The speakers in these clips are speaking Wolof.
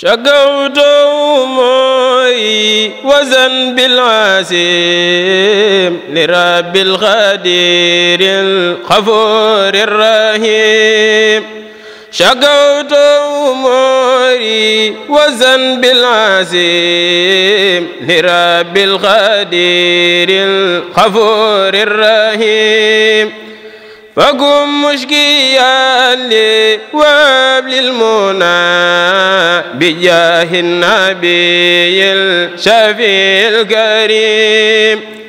شقوت أمي وزن بالعاسم لرب الغدير الخفور الرحيم شقوت أمري وزن بالعاسم لرب الغدير الخفور الرحيم فقم مشكيا لي وابل المنى بجاه النبي الشفيع الكريم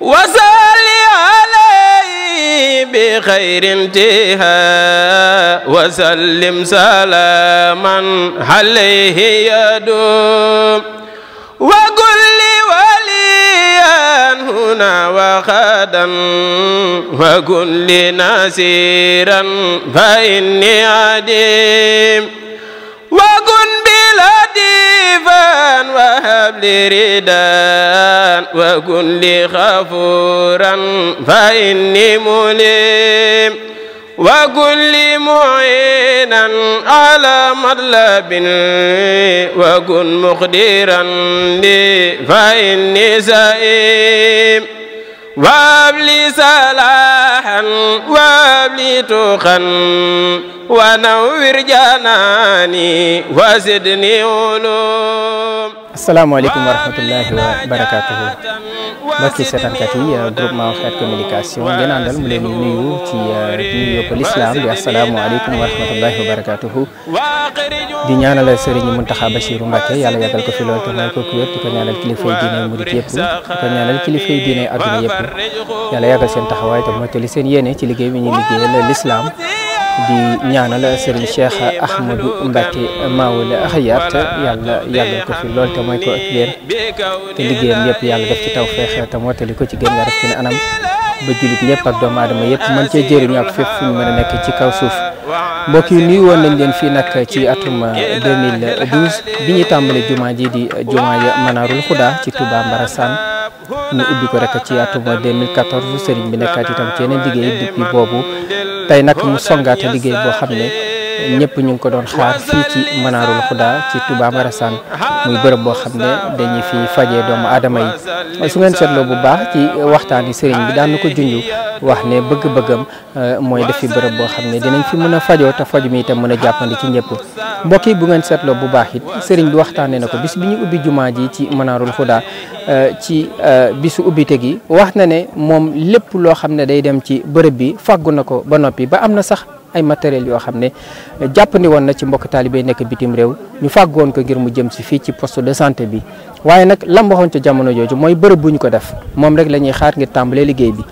وصلي عليه بخير انتهى وسلم سلاما عليه يدوم وقل لنا وخادا وكن لنا سيرا فإني عديم وكن بلطيفا وهب لي ردا وكن لي غفورا فإني مليم لي معينا على مطلب وكن مقديرا لي فإني سائم وابلي صلاحا وابلي تخا ونور جناني وزدني علوم asalaamaaleykum wa rahmatullahi wa barakaatuhu mbokki seetaankat yi euh, groupement Fat communication ngeen àndal mu leen di nuyu ci euh, nuyu ko lislaam bi asalaamaaleykum wa rahmatullahi wa barakaatuhu di ñaanal Serigne Mountakha Bassirou Mbacké yàlla yàggal ko fi lool te may ko ku wér di ko ñaanal kilifa yi diine murit yëpp di ko ñaanal kilifa yi diine adduna yëpp yàlla yàggal seen taxawaay moo mottali seen yéene ci liggéey bi ñuy liggéeyal lislaam di ñaanal Serigne Cheikh Ahmadou Mbacke Maoul Hayaat yàlla yàggal ko fi lool te mooy ko ak wér te liggéeyam yëpp yàlla def ci tawfeex te mottali ko ci gën nga def ci ne anam ba jullit yëpp ak doomu aadama nekk ci kaw suuf mbokk yi nuyu woon nañ leen fii nag ci atum 2012 bi ñuy tàmbali juma ji di juma ya Manarul Xuda ci Touba Mbarassane ñu ubbi ko rek ci atum 2014 Serigne bi nekkaat itam ci yeneen liggéey depuis boobu. tey nag mu songaate liggéey boo xam ne ñepp ñu ko doon xaar fi ci manarul khuda ci Touba marasan muy bërëb bo xam dañuy fi fajee doomu adamay su ngeen sétlo bu baax ci waxtaan yi sëriñ bi daan ko junj wax ne bëgg-bëggam eh, moy defi fi boo bo ne dinañ fi mëna fajo ta faju mi tam mëna jappandi ci ñepp mbokk yi bu ngeen sétlo bu baax it sëriñ bi waxtaané nako bis biñu ubbi ci manarul khuda ci eh, eh, bisu ubbite gi wax na ne mom lepp lo xam day dem ci bërëb bi fàggu nako ba nopi ba amna sax ay matériels yoo xam ne jàpp jàppandi woon na ci mbokk taalibe nekk bitim réew ñu fàgg woon ko ngir mu jëm si fii ci poste de santé bi waaye nag lam waxoon ca jamono jooju mooy bërëb bu ñu ko def moom rek la ñuy xaar ngir tàmbalee liggéey bi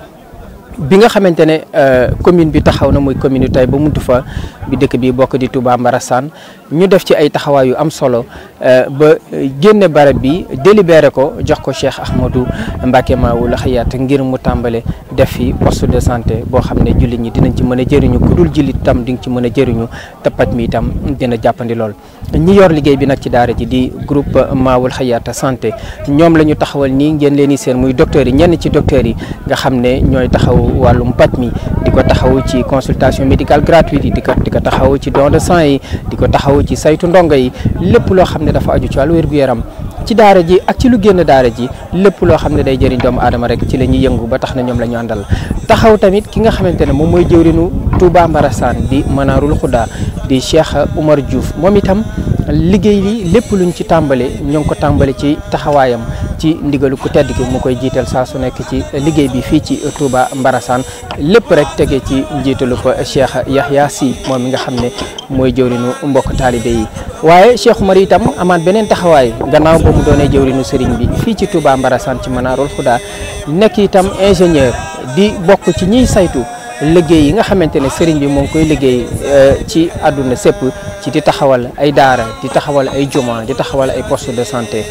bi nga xamante ne euh, commune bi taxaw na muy commune Taïba Mountou fa bi dëkk bi bokk di Touba Mbarassane ñu def ci ay taxawaay yu am solo eh, ba génne barab bi délibéré ko jox ko Cheikh Ahmadou Mbacké Maoul Hayaat ngir mu tàmbale def fi poste de santé boo xam ne jullit ñi dinañ ci mën a jëriñu ku dul jullit tam di nga ci mën a jëriñu te paj mi itam dina jàppandi lool. ñi yor liggéey bi nag ci daara ji di groupe Maoul Hayaat santé ñoom la ñu taxawal nii ngeen leen di seen muy docteurs yi ñenn ci docteurs yi nga xam ne ñooy taxaw wàllu paj mi di ko taxaw ci consultation ko taxawu ci don de sang yi di ko taxaw ci saytu ndongo yi lépp loo xam ne dafa aju ci wàllu wér-gu-yaram ci daara ji ak ci lu génn daare ji lépp loo xam ne day jëriñ doomu aadama rek ci la ñuy yëngu ba tax na ñoom la ñu àndal taxaw tamit ki nga xamante ne moom mooy jëwrinu Touba Mbarasaan di Manaarul Xuda di Cheikh Oumar Diouf moom itam liggéey bi lépp luñ ci tàmbale ñoo ngi ko tàmbale ci taxawaayam ci ndigalu ku tedd ki mu koy jiital saa su nekk ci liggéey bi fii ci Touba Mbarasaan lépp rek tege ci njiitalu ko Cheikh Yahya Si moom mi nga xam ne mooy jëwrinu mbokk taalibe yi waaye Cheikh Oumar itam amaat beneen taxawaay gannaaw ba mu doonee jëwrinu sëriñ bi fii ci Touba Mbarasaan ci Manaarul Xuda di bokk ci ñiy saytu liggéey yi nga xamante ne sëriñ bi moo koy liggéey euh, ci adduna sëpp ci di taxawal ay daara di taxawal ay juma di taxawal ay poste de santé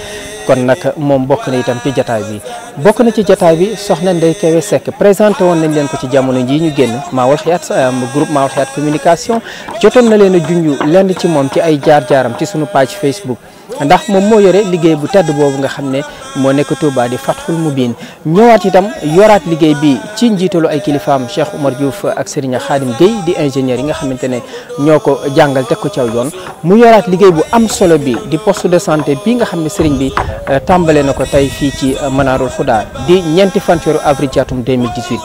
kon nag moom bokk na itam ci jataay bi bokk na ci jataay bi soxna Ndeye Kewe sekk présenté woon nañ leen ko ci jamono jii ñu génn Maawal Hayaat euh, groupe Maawal Hayaat communication jotoon na leen a junj lenn ci moom ci ay jaar-jaaram ci sunu page Facebook ndax moom moo yore liggéey bu tedd boobu nga xam ne moo nekk Touba di mu biin ñëwaat itam yoraat liggéey bi ci njiitalu ay kilifaam Cheikh Omar Diouf ak Serigne Khadim Gueye di ingénieur yi nga xamante ne ñoo ko jàngal teg ko caw yoon mu yoraat liggéey bu am solo bi di post de santé bi nga xam ne sëriñ bi euh, tàmbale na ko tey fii ci euh, Manaarul Xudaa di ñeenti fan ci weeru avril ci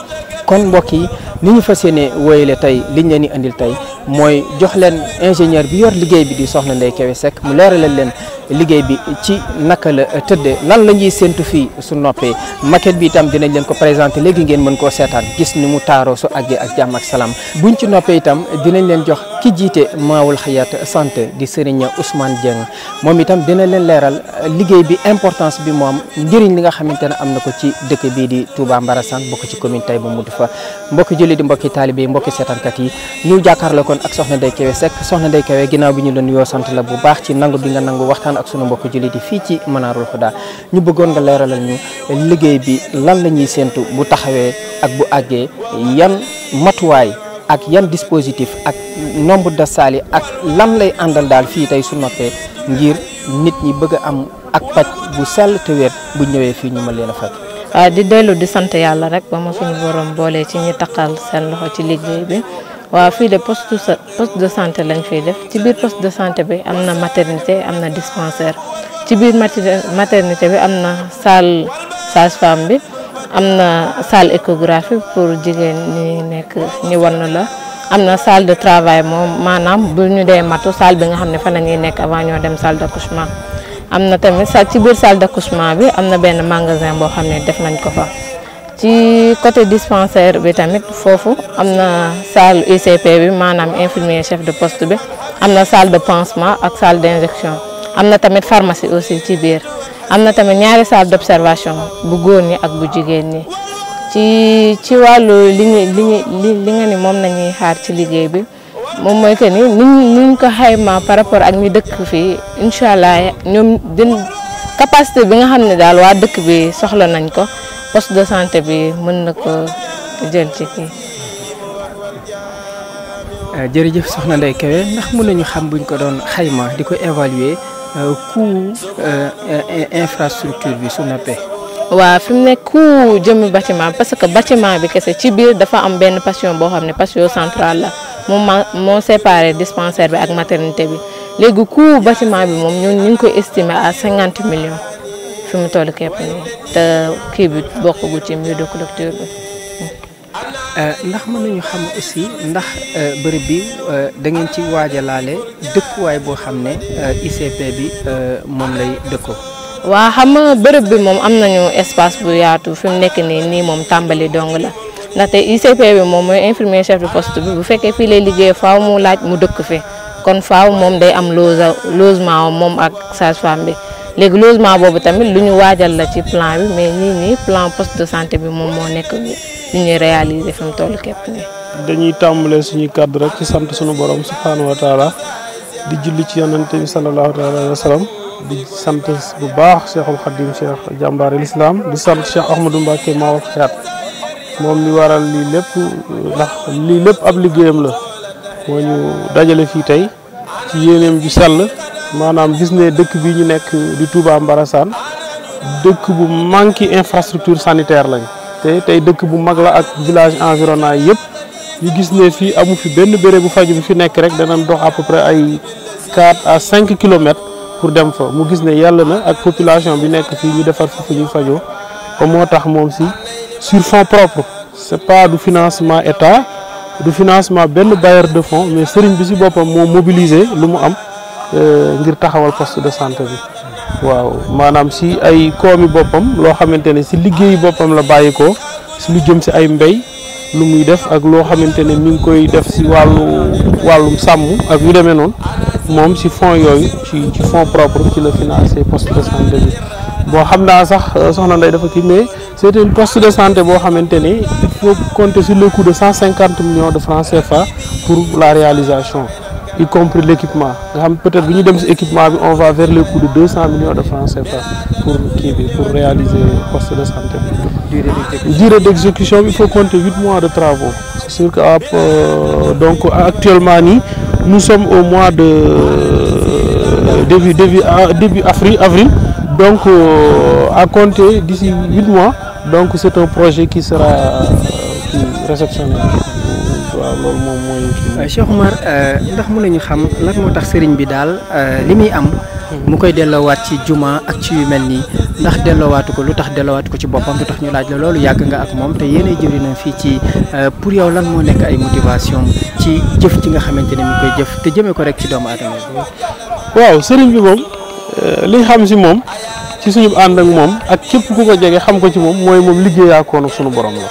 kon mbokk yi ni ñu fas yéene wooyale tey liñ leen di indil tey mooy jox leen ingénieur bi yor liggéey bi di soxna Ndeye Kewe Seck mu leeralal leen liggéey bi ci naka la tëddee lan la ñuy séntu fii su noppee maquette bi itam dinañ leen ko présenté léegi ngeen mën koo seetaan gis ni mu taaroo su àggee ak jàmm ak salaam buñ ci noppee itam dinañ leen jox ki jiite Maawul Hayaat santé di Serigne Ousmane Dieng moom itam dinañ leen leeral liggéey bi importance bi moom njëriñ li nga xamante ne am na ko ci dëkk bii di Touba Mbarassane bokk ci commune Taïba Moutoufa mbokk julit di talibé mbokk sétan kat yi ñu jàkkaarloo kon ak soxna ndey kewé sék soxna ndey kewé ginaaw bi ñu leen yo sant la bu baax ci nangu bi nga nangu waxtaan ak suñu mbokk julit di fi ci manarul khuda ñu bëggoon nga léralal ñu liggéey bi lan lañuy sentu bu taxawé ak bu aggé yan matuway ak yan dispositif ak nombre de saali ak lan lay andal dal fi tay su noppé ngir nit ñi bëgg am ak pat bu sel te wër bu ñëwé fi ñu ma waaye ah, di dellu di sant yàlla rek ba ma suñu borom boolee ci ñi taqal seen loxo ci liggéey bi waaw fii de poste poste de santé lañ fiy def ci biir poste de santé bi am na maternité am na dispensaire ci biir maternité bi am na salle sage-femme bi am na salle échographie pour jigéen ñi nekk ñi wann la am na salle de travail moom maanaam bu ñu dee matu salle bi nga xam ne fa la ñuy nekk avant ñoo dem salle d'accouchement am na tamit sa ci biir salle d'accouchement bi am na benn magasin boo xam ne def nañ ko fa ci côté dispensaire bi tamit foofu am na salle ICP bi maanaam infirmier chef de poste bi am na salle de pansement ak salle d'injection am na tamit pharmacie aussi ci biir am na tamit ñaari salle d'observation bu góor ñi ak bu jigéen ñi ci ci wàllu li ñu li ñu li nga ni moom nañuy xaar ci liggéey bi mom moy tane ni ñu ko xayma par rapport ak ñu dëkk fi inshallah ñom ñoom capacité bi nga xam dal wa waa dëkk bi soxla nañ ko poste de santé bi mën na ko jël ci kii. Euh, jërëjëf soxna Ndeye Kébé ndax mën nañu xam buñ ko doon xayma diko évaluer euh, coût euh, infrastructure bi su noppee. waaw fi mu nekk ku jëm bâtiment parce que bâtiment bi kese ci biir dafa am benn passion boo xam ne passion centrale la. moom ma moo séparé dispensaire bi ak maternité bi léegi coût bâtiment bi moom ñun ñu ngi koy estimé à cinquante millions fi mu toll képp nii te kii bi bokkagu ci mbiru docteur bi. Euh, ndax mën ñu xam aussi ndax euh, bërëb bi euh, da ngeen ci waajalaale dëkkuwaay boo xam ne ICP bi moom lay dëkkoo. waa xam nga bërëb bi moom am nañu espace bu yaatu fi mu nekk nii nii moom tàmbali dong la. ndaxte ICP bi moom mooy infirmier chef de poste bi bu fekkee fii lay liggéey faaw mu laaj mu dëkk fi kon faaw moom day am loge logement moom ak sage-femme bi léegi logement boobu tamit lu ñu waajal la ci plan mais ñii nii plan poste de bi moom moo nekk lu ñuy réaliser fi mu toll képp nii. dañuy tàmbalee suñuy kàddu rek ci sant suñu borom subhaanahu wa taala di julli ci yonante bi sallallahu taala alayhi wa sallam di sant bu baax Cheikhul Khadim Cheikh jàmbaari l'islam di sant Cheikh Ahmadou Mbacke Mawal Xayaat moom mi waral lii lépp ndax lii lépp ab liggéeyam la moo ñu dajale fii tey ci yéeneem ju sell maanaam gis ne dëkk bi ñu nekk di Touba Mbarassane dëkk bu manque infrastructure sanitaire lañ te tey dëkk bu mag la ak village environnant yëpp ñu gis ne fii amu fi benn bérébu faju bi fi nekk rek danañ dox à peu près ay 4 à 5 kilomètres pour dem fa mu gis ne yàlla na ak population bi nekk fii ñu defar foofu ñuy fajoo ba moo tax moom si sur fonds c'est pas du financement état du financement benn bailleur de fonds mais sëriñ bi si boppam moo mobiliser lu mu am euh, ngir taxawal poste de santé bi. waaw maanaam si ay koomi boppam loo xamante ne si liggéeyu boppam la bàyyi ko si lu jëm si ay mbéy lu muy def ak loo xamante ne mi ngi koy def si wàllu wàllum sàmm ak yu demee noonu moom si fonds yooyu ci ci fonds propre ci la financer poste de santé bi. Euh, c'est une poste de santé il faut compter sur le coût de 150 millions de francs CFA pour la réalisation y compris l'équipement peut-être que on va vers le coût de 200 millions de francs CFA pour réaliser réaliser poste de santé durée d'exécution il faut compter 8 mois de travaux ah, euh, donc actuellement nous sommes au mois de euh, ah, début avril donc euh, à compter d'ici 8 mois. Donc c'est un projet qui sera euh, qui réceptionné. waaw loolu moom mooy. Euh, Cheikh Oumar euh, ndax mën nañu xam lan motax tax sëriñ bi dal li muy am. mu koy wat ci juma ak ci yu mel nii ndax delloowaatu ko lutax tax delloowaatu ko ci bopam lutax ñu laaj la lolu yag nga ak mom te yéenay jëriñam fi ci pour yow lan mo nek ay motivation ci jëf ci nga xamanteni mu koy jëf te jëme ko rek ci doomu aadama waaw sëriñ bi moom. Euh, liñ xam si moom ci suñu ànd ak moom ak képp ku ko jege xam ko ci moom mooy moom liggéeyaakoon ak suñu borom la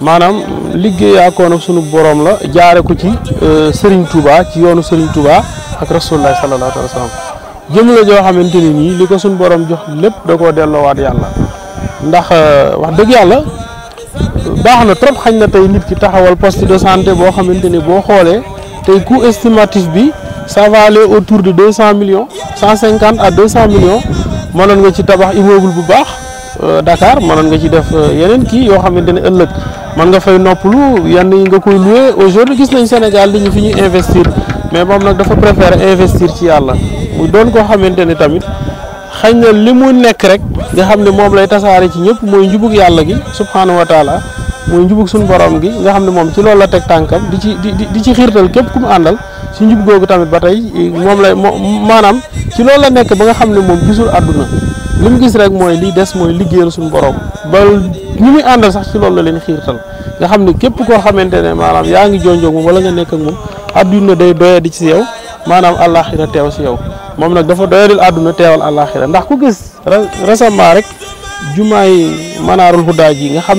maanaam liggéeyaakoon ak suñu borom la jaare ko ci euh, sëriñ tubaa ci yoonu Serigne tubaa ak Rasulullah sallallahu alayhi wa sallam jëm la joo xamante ni nii li ko suñu borom jox lépp da koo delloowaat yàlla ndax euh, wax dëgg yàlla baax na trop xañ na tey nit ki taxawal poste de santé boo xamante ni boo xoolee tey coût estimatif bi. ça va aller autour de deux cent millions cent cinquante à deux cent millions mënoon nga ci tabax immeuble bu baax euh, Dakar mënoon nga ci def euh, yeneen kii yoo xamante ne ëllëg mën nga fay noppalu yenn yi nga koy loué aujourd'hui gis nañ Sénégal li ñu fi ñuy investir mais moom nag dafa préférer investir ci yàlla mu doon koo xamante ne tamit xëy na li mu nekk rek nga xam ne moom lay tasaare ci ñëpp mooy njubug yàlla gi subhanahu wa taala mooy njubug suñu borom gi nga xam ne moom ci loolu la teg tànkam di ci di di ci xiirtal képp àndal ci njub googu tamit batay eh, mom lay manam ci loolu la nekk ba nga xam mom gisul aduna gis rek moy li des moy liggéeyal suñu borom ba ñu muy andal sax ci loolu la leen xirtal nga xam ne képp koo xamante ne maanaam yaa ngi wala nga nekk ak mom aduna day di ci yow Allah àllaaxira tew ci yow mom nak dafa aduna àdduna teewal àllaaxira ndax ku gis récemment rek jumaay manarul huda ji nga xam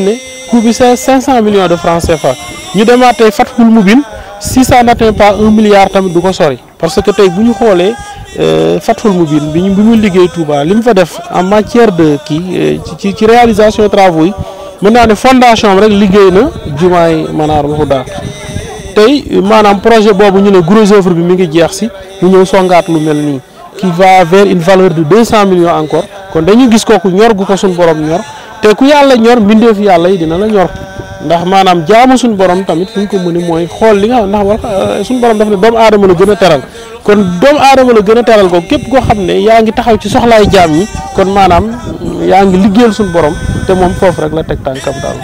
ku bi 500 millions de francs CFA ñu mubin si ça n'atteint pas un milliard tamit du ko sori parce que tey bu ñu xoolee euh, Fathul Mubin bi ñu bi muy liggéey Touba li mu fa def en matière de kii euh, ci ci réalisation travaux yi mën naa ne fondation rek liggéey na jumaay Manaarul Hudaa tey maanaam projet boobu ñu ne gros œuvre bi mi ngi jeex si ñu ñëw songaat lu mel nii qui va vers une valeur de deux cent millions encore kon dañu gis kooku ñor gu ko suñ borom ñor te ku yàlla ñor mbindeefu yàlla yi dina la ñor. ndax manam jaamu sun borom tamit fuñ ko mëni moy xol li nga ndax war euh, suñu borom daf ne aadama la gëna téral kon doom aadama la gëna téral ko kep go xam yaangi taxaw ci soxlaay jaam yi kon manam yaangi liggéel sun borom te mom fofu rek la tek tankam daal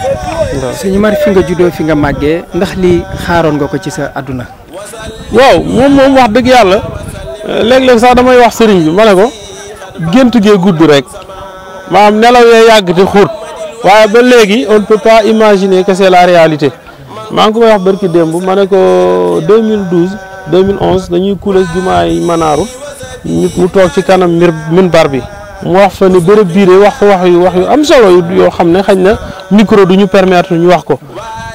suñu mari fi nga juddoo fi nga maggé ndax li xaaron nga ko ci sa aduna waw mom mom wax deug yalla euh, léeg-léeg sax damay wax sëriñ bi ma ko gént rek manam nelaw ye yag te xóot waaye ba léegi on ne peut pas imaginer la réalité maa ngi ko may wax barki démb ma ne ko 2012 2011 dañuy kules jumaay manaaru mu toog ci kanam mir minbar bi mu wax fa ni bërëb biiree wax wax yu wax yu am solo yu yoo xam ne xañ na micro du ñu permettre ñu wax ko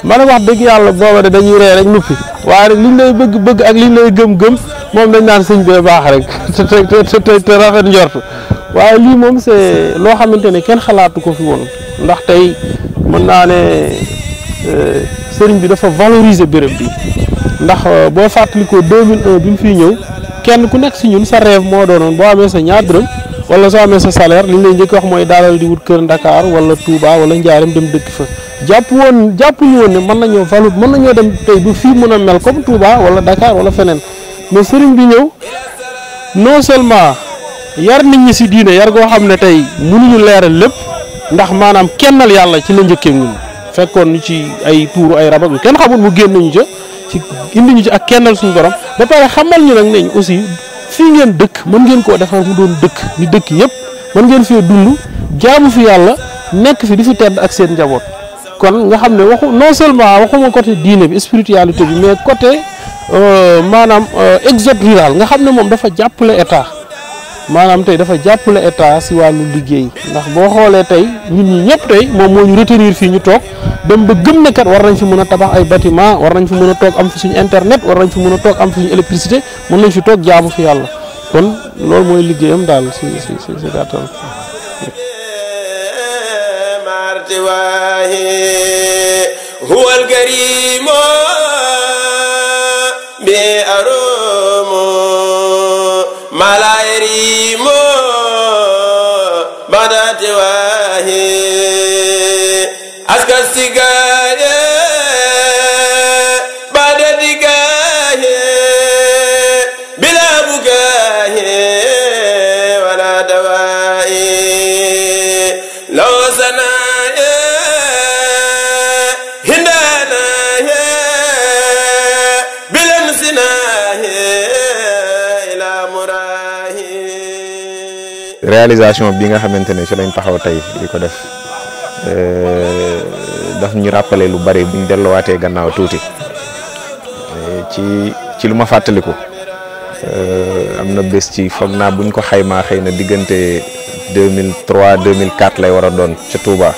ma ne wax dëgg yàlla booba de dañuy ree rek nuppi waaye rek liñ lay bëgg bëgg ak liñ lay gëm-gëm moom dañ naan sëñ bee baax rek te te te te rafet njort waaye lii moom c'est loo xamante ne kenn xalaatu ko fi woon ndax tey mën naa ne euh, sëriñ bi dafa valoriser béréb bi ndax euh, boo ko fàttalikoo 2001 bi mu fiy ñëw kenn ku nekk si ñun sa rêve moo doonoon boo amee sa ñaar dërëm wala soo amee sa salaire li ñu lay njëkk wax mooy daalal di wut kër Dakar wala Touba wala Njaareem dem dëkk fa jàpp woon jàpp ñu woon ne mën nañoo valu mën nañoo dem tey ba fii mën a mel comme Touba wala Dakar wala feneen mais sëriñ bi ñëw non seulement yar nit ñi si diine yar goo xam ne tey mënuñu leeral lépp. ndax maanaam kennal yàlla ci la njëkkee ñun fekkoon ñu ci ay tuuru ay rab ak kenn xamul mu génn ñu ca ci indi ñu ci ak kennal suñ borom ba pare xamal ñu nag neñ aussi fii ngeen dëkk mën ngeen koo defar mu doon dëkk ni dëkk yëpp mën ngeen fee dund jaamu fi yàlla nekk fi di fi tedd ak seen njaboot kon nga xam ne waxu non seulement waxuma côté diine bi spiritualité bi mais côté euh, maanaam euh, exode rural nga xam ne moom dafa jàppale état manam tay dafa jappale état ci walu liggéey ndax bo xolé tay ñun ñi ñëpp tey mo moo ñu retenir fi ñu tok dem ba gëm ne kat war nañ fi mëna tabax ay bâtiment war nañ fi mëna tok am fi suñu internet war nañ fi mëna tok am fi suñu électricité mëna fi tok jaamu fi yalla kon lool moy liggéeyam daal si si si si gàttal bi réalisation bi nga xamante ne fi lañ taxaw tey di ko def euh, daf ñu rappelé lu bari buñ waté gannaaw tuuti eh, ci ci luma ma euh amna na ci fogna buñ ko xayma xeyna digënté 2003 2004 lay wara doon ci Touba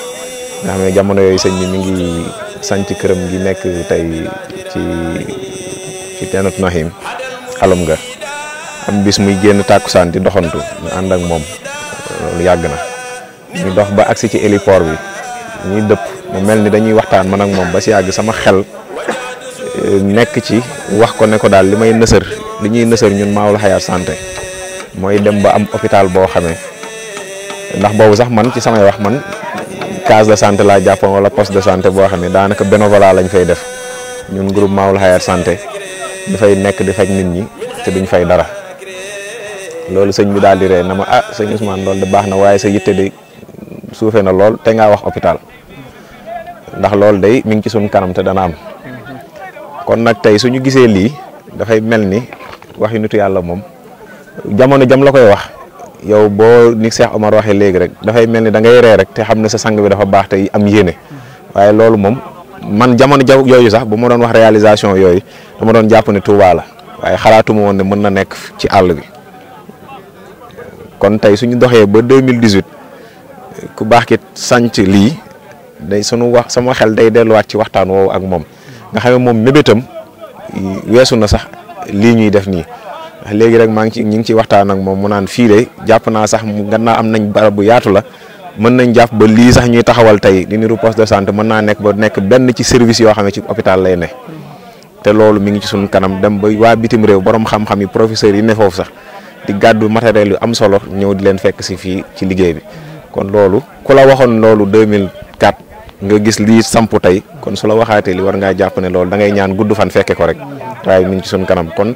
nga xamé jamono yoy sëñ bi mi ngi ci kërëm gi nekk tay ci ci tenut nohim xalum nga am bis muy genn tàkkusaan di doxantu ñu ak mom lu yàgg na ñu dox ba aksi ci héliport bi ñi depp mu melni ni dañuy waxtaan man ak mom ba si yag sama xel eh, nek ci wax ko ne ko dal limay neuseur nësër neuseur ñun maawul xayaat santé moy dem ba am hôpital bo xamé ndax bobu sax man ci sama wax man case de santé la jàppoon wala poste de santé bo xamé ne daanaka bénévolat lañ fay def ñun groupe maawul xayaat santé fay nek di fajj nit ñi te duñ fay dara loolu señ bi dal di ree nama ah señ Ousmane loolu de baax na sa yitté de soufé na lool té nga wax hôpital ndax loolu day mi ngi ci suñ kanam te dana am kon nag tey ñu gisee lii dafay mel ni wax yu nitu yàlla moom jamono jam la koy wax yow boo ni Cheikh Omar waxee léegi rek dafay mel ni da ngay ree rek te xam ne sa sang bi dafa baax tey am yéene waaye loolu moom man jamono ja yooyu sax bu ma doon wax réalisation yooyu dama doon jàpp ne Touba la waaye xalaatuma woon ne mën na nekk ci àll bi kon tey suñu doxee ba 2018 ku baax ki sànc lii day sunu wax sama xel day delluwaat ci waxtaan woowu ak moom nga xam ne moom mébétam weesu na sax lii ñuy def nii léegi rek maa ngi ci ñu ngi ciy waxtaan ak moom mu naan fii de jàpp naa sax mu gannaaw am nañ barab bu yaatu la mën nañ jàpp ba lii sax ñuy taxawal tey niru poste de santé mën naa nekk ba nekk benn ci service yoo xam ne ci hôpital lay ne. te loolu mu ngi ci sunu kanam dem ba waa bitim réew boroom xam-xam yi professeurs yi ne foofu sax di gàddu matériel yu am solo ñëw di leen fekk si fii ci liggéey bi kon loolu ku la waxoon loolu nga gis lii samp tey kon su la waxaatee li war ngaa jàpp ne loolu da ngay ñaan gudd fan fekke ko rek waaye mi ngi ci suñ kanam kon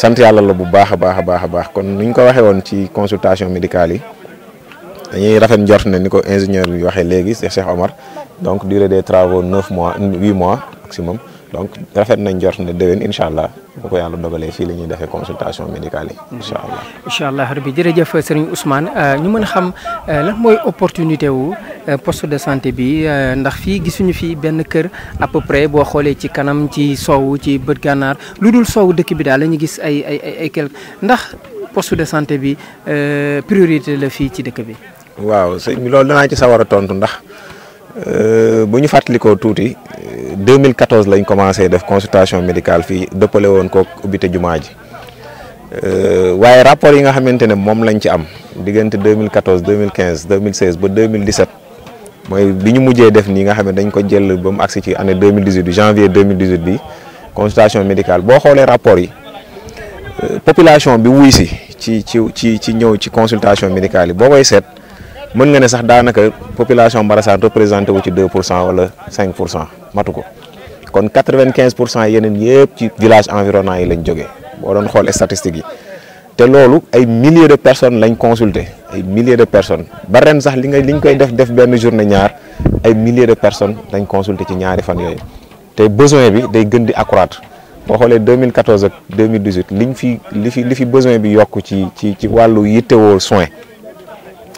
sant yàlla la bu baax a baax a baax a baax kon ni ñu ko waxee woon ci consultation médicale yi dañuy rafet njort ne ni ko ingénieur bi waxee léegi Cheikh Omar donc durée des travaux neuf mois huit mois maximum. donc rafet nañ jort na déwén incha allah bu ko yàlla dogalee fii la ñuy defee consultation médicale yi. incha allah incha allah rabbi jërëjëf sëriñ Ousmane euh, ñu mën xam euh, lan mooy opportunité wu euh, poste de santé bi ndax fii gisuñu fii benn kër à peu près boo xoolee ci kanam ci soow ci bët gànnaar lu dul soow dëkk bi daal lañu gis ay ay ay quelque ndax post de santé bi priorité la fii ci dëkk bi. waaw sëñ bi loolu danaa ci sawar a tontu ndax. Euh, bu ñu fàttalikoo tuuti 2014 euh, lañ commencé def consultation médical fii dëppale woon ko ubbite jumaa ji euh, waaye rapport yi nga xamante ne moom lañ ci am diggante 2014 2015 2016 ba 2017 mooy bi ñu mujjee def nii ne dañ ko jël ba mu agsi ci année 2018 janvier 2018 bi consultation médical boo xoolee rapport yi population bi wuy si ci ci ci ci ñëw ci consultation médicale yi boo koy seet. mën nga ne sax daanaka population Mbarasaan représenté wu ci 2 pour cent wala 5 pour cent matu ko kon 95 pour cent yeneen yëpp ci village environnant yi lañ jógee boo doon xool statistiques yi te loolu ay milliers de personnes lañ consulté ay milliers de personnes ba ren sax li nga li ñu koy def def benn journée ñaar ay milliers de personnes lañ consulté ci ñaari fan yooyu te besoin bi day gën di accroître boo xoolee 2014 ak 2018 liñ fi li fi li fi besoin bi yokk ci ci ci wàllu yittewoo soin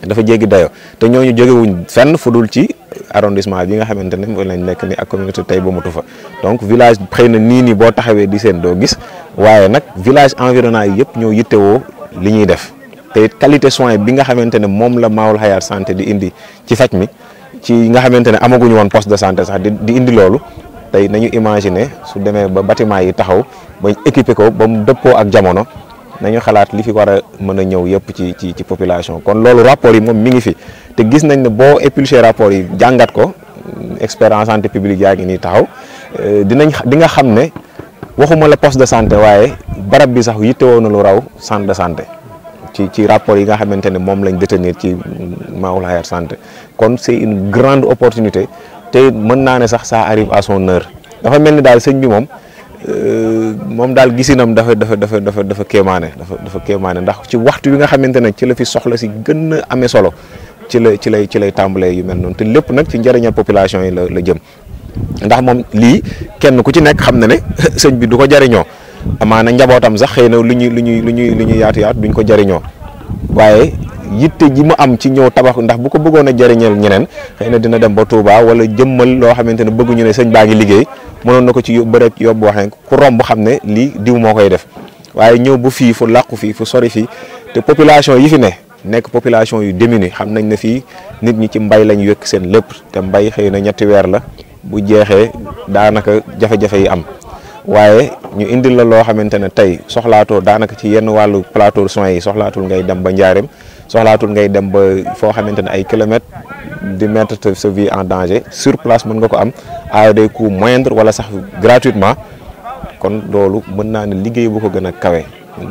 dafa jéggi dayoo te ñoo ñu jegewuñ fenn fu dul ci arrondissement bi nga xamante ne mooy lañ nekk ni ak communauté tey ba mutu fa donc village xëy na nii nii boo taxawee di seen doo gis waaye nag village environnant yi yëpp ñoo yittewoo li ñuy def te qualité soin bi nga xamante ne moom la Maoul Hayaat santé di indi ci faj mi ci nga xamante ne amaguñu woon poste de santé sax di indi loolu tey nañu imaginer su demee ba bâtiment yi taxaw ba équiper ko ba mu dëppoo ak jamono nañu xalaat li fi war a mën a ñëw yëpp ci ci ci population kon loolu rapport yi moom mi ngi fi te gis nañ ne boo épluché rapport yi jàngat ko expert en santé publique yaa ngi nii taxaw euh, dinañ di nga xam ne waxuma la poste de santé waaye barab bi sax yittewoo na lu raw centre de santé ci ci rapport yi nga xamante ne moom lañ détenir ci Maoul Hayaat santé kon c'est une grande opportunité te mën naa ne sax ça arrive à son dafa mel ni daal sëñ bi moom Euh, moom daal gisinam dafa dafa dafa dafa dafa kéemaane dafa dafa kéemaane ndax ci waxtu wi nga xamante ne ci la fi soxla si gën a amee solo ci la ci lay ci lay tàmbalee yu mel noonu te lépp nag ci njëriñal population yi la la jëm ndax moom lii kenn ku ci nekk xam na ne sëñ bi du ko jariñoo amaana njabootam sax xëy na lu ñuy lu ñuy lu ñuy lu ñuy yaatu yaatu duñ ko jariñoo waaye yitte ji mu am ci ñëw tabax ndax bu ko bëggoon a jariñal ñeneen xëy na dina dem ba Touba wala jëmmal loo xamante ne bëgguñu ne sëñ baa ngi liggéey mënoon na ko ci bërëb yóbbu waxee ku romb xam ne lii diw moo koy def waaye ñëw bu fii fu làqu fii fu sori fii te population yi fi ne nekk population yu diminué xam nañ ne fii nit ñi ci mbay lañ yëkk seen lépp te mbay xëy na ñetti weer la bu jeexee daanaka jafe-jafe yi am waaye ñu indil la loo xamante ne tey soxlaatoo daanaka ci yenn wàllu plateau soins yi soxlaatul ngay dem ba njaareem soxlaatul ngay dem ba foo xamante ne ay kilomètres di mettre sa vie en danger sur place mën nga ko am à des coûts moindres wala sax gratuitement kon loolu mën naa ne liggéey bu ko gën a kawe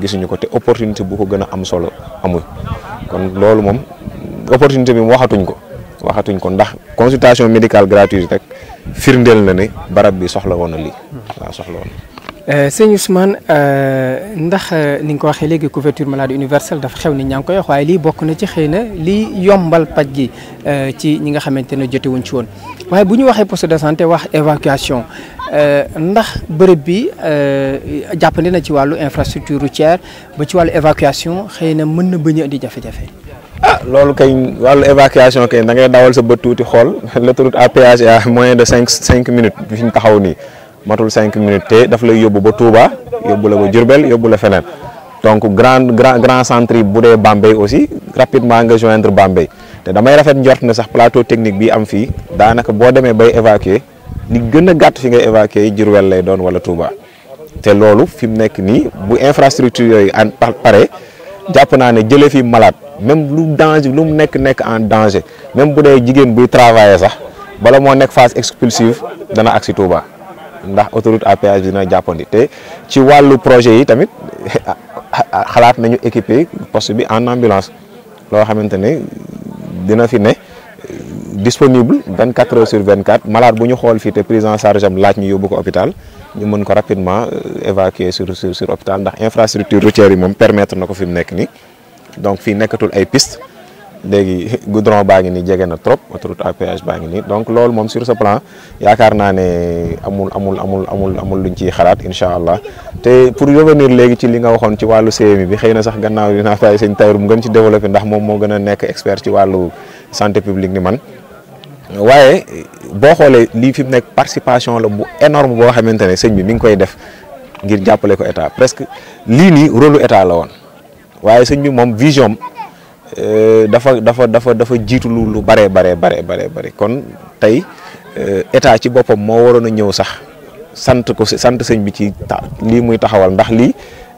gisuñu ko te opportunité bu ko gën a am solo amul kon loolu moom opportunité bi waxatuñ ko waxatuñ ko ndax consultation médicale gratuite rek firndeel na ne barab bi soxla woon na lii Euh, sëñ Ousmane euh, ndax euh, ni nga ko waxee léegi couverture maladie universelle dafa xew ni ñaa ngi koy wax waaye lii bokk na ci xëy na li yombal paj gi ci ñi nga xamante ne jotewuñ ci woon waaye bu ñu waxee poste de santé wax évacuation ndax bërëb bi jàppandi na ci wàllu infrastructure routière ba ci wàllu évacuation xëy na mën na bañ a indi jafe-jafe. ah loolu kay wàllu évacuation kay da ngay dawal sa bët tuuti xool l'autoroute à péage à moins de cinq cinq minutes bi fi ñu taxaw nii. matul 5 minutes té daf lay yobbu ba Touba yobbu la ba Diourbel yobbu la fenen donc grand grand grand centre boudé dé Bambey aussi rapidement nga joindre Bambey té damay rafet ndiort na sax plateau technique bi am fi danaka bo démé bay évacuer ni gëna gatt fi nga évacuer Diourbel lay doon wala Touba té lolu fim nek ni bu infrastructure yoy an paré japp na né jëlé fi malade même lu danger lu nek nek en danger même boudé jigen bu travailler sax bala mo nek phase expulsive dana aksi Touba ndax autoroute APA péage dina jappandi té ci walu projet yi tamit xalaat nañu équiper poste bi en ambulance lo xamante dina fi né disponible 24 heures sur 24 malade buñu xol fi té te prise en charge am laaj ñu yóbbu ko hôpital ñu mën ko rapidement euh, évacuer sur sur sur hôpital ndax infrastructure routière yi mom permettre nako fi mu nekk nii donc fi nekatul ay piste léegi goudron baa ngi nii jege na trop autoroute à péage baa ngi nii donc lool moom sur ce plan yaakaar naa ne amul amul amul amul amul luñ ciy xalaat incha allah te pour revenir léegi ci li nga waxoon ci wàllu CMU bi xëy na sax gannaaw na fay sëñ Tayru mu gën ci développé ndax moom moo gën a nekk expert ci wàllu santé publique ni man waaye boo xoolee lii fi mu nekk participation la bu énorme boo xamante ne sëñ bi mi ngi koy def ngir jàppale ko état presque lii nii rôle état la woon waaye sëñ bi moom vision Euh, dafa dafa dafa dafa jiitu lu lu bare bare bare bare bare kon tey euh, état ci boppam moo waroon a ñëw sax sant ko sant sëñ bi ci lii muy taxawal ndax lii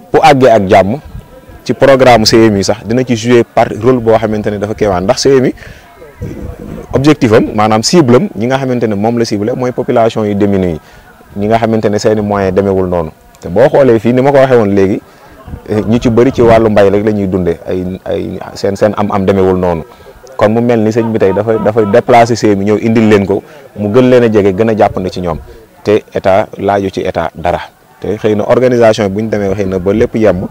bu àggee ak jàmm ci programme CMU sax dina ci jouer par rôle boo xamante ne dafa kéemaan ndax CMU objectif am maanaam cible ñi nga xamante ne moom la ciblé mooy population yi démunie yi ñi nga xamante ne seeni moyen demeewul noonu te boo xoolee fii ni ma ko waxee woon léegi ñu ci bëri ci wàllu mbay rek la ñuy dundee ay ay seen seen am-am demewul noonu kon mu mel ni sëñ bi tey dafa dafay déplacer seen mi ñëw indil leen ko mu gën leen a jege gën a jàppandi ci ñoom te état laaju ci état dara te xëy na organisation bu ñu demee xëy na ba lépp yemb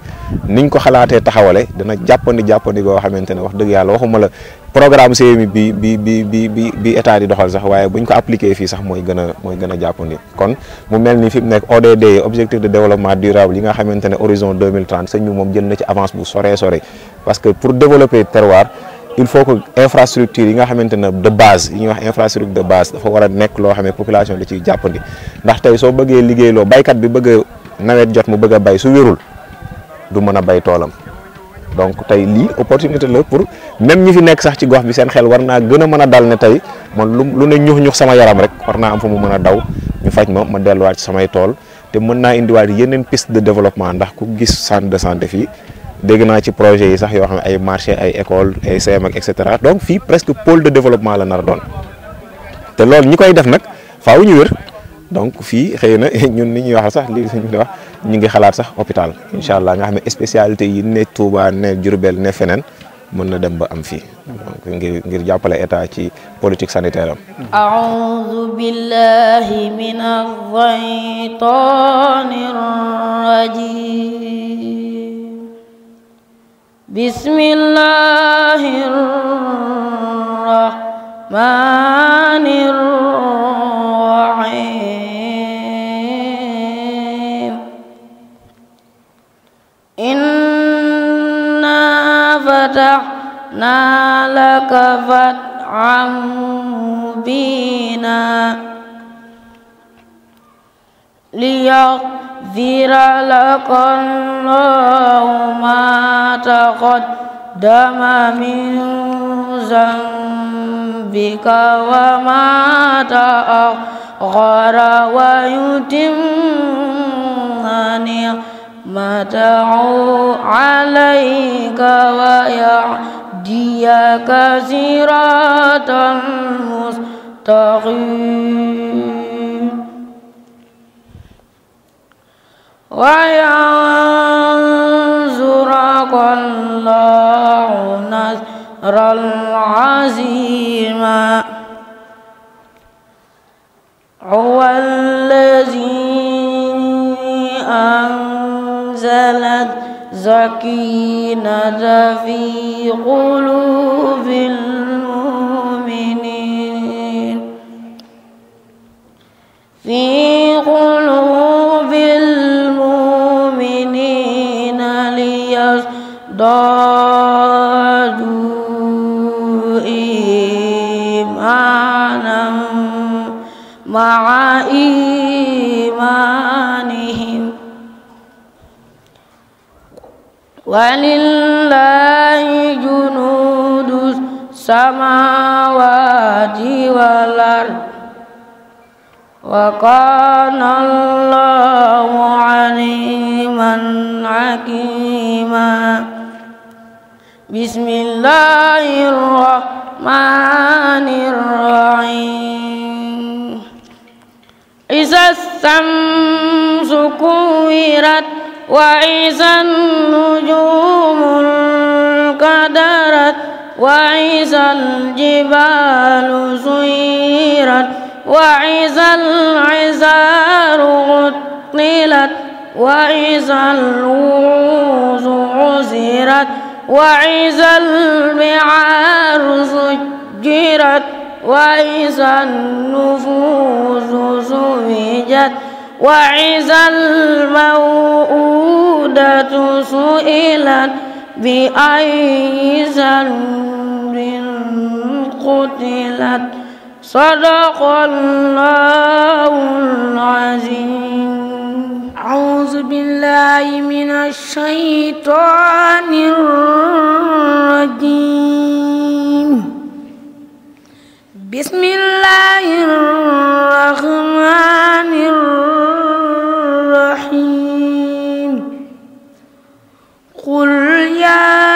niñ ko xalaatee taxawale dana jàppandi jàppandi goo xamante ne wax dëgg yàlla waxuma la programme CMU bi bi bi bi bi état di doxal sax waaye buñ ko appliqué fii sax mooy gën a mooy a jàppandi kon mu mel ni fi nekk ODD yi objectif de développement durable yi nga xamante ne horizon 2030 sëñ bi moom jël na ci avance bu sore sore parce que pour développer terroir il faut que infrastructure yi nga xamante ne de base yi ñuy wax infrastructure de base war a nekk loo xam ne population da ciy jàppandi ndax tey soo bëggee liggéey loo baykat bi bëgg a nawet jot mu bëgg a bay su wérul du mën a bay toolam donc tey lii opportunité la pour même ñi fi nekk sax ci gox bi seen xel war naa gën a mën a dal ne tey man lu lu ne ñux ñux sama yaram rek war naa am fu mu mën a daw ñu faj ma ma delluwaat ci samay tool te mën naa indiwaat yeneen piste de développement ndax ku gis centre de santé fii dégg naa ci projet yi sax yoo xam ne ay marché ay école ay CM ak et cetera donc fii presque pôle de développement la nar a doon te loolu ñi koy def nag faaw ñu wér. donc fi xeyna ñun ni ñuy wax sax li suñ wax ñi ngi xalaat sax hôpital inshallah nga xamé spécialité yi ne Touba ne Diourbel ne fenen, mën na dem ba am fi donc ngir ngir jappalé état ci politique sanitaire am a'udhu billahi min rajim bismillahirrahmanirrahim إنا فتحنا لك فتحا مبينا ليغفر لك الله ما تقدم من ذنبك وما تأخر ويتم نعمته يدعو عليك ويهديك صراطا مستقيم وينصرك الله نذر عظيما هو الذي أنزل نزلت زكينة في قلوب المؤمنين في قلوب المؤمنين ليزدادوا إيمانا مع إيمانا Wa inna sama wa diwalar. Wa qadalla mu'alim an Bismillahirrahmanirrahim. Isa sam sukuirat. وإذا النجوم انقدرت وإذا الجبال سيرت وإذا العزار غطلت وإذا الوعوز عزرت وإذا البعار سجرت وإذا النفوس زوجت وإذا الموءودة سئلت بأي ذنب قتلت صدق الله العظيم أعوذ بالله من الشيطان الرجيم بسم الله الرحمن الرحيم قل يا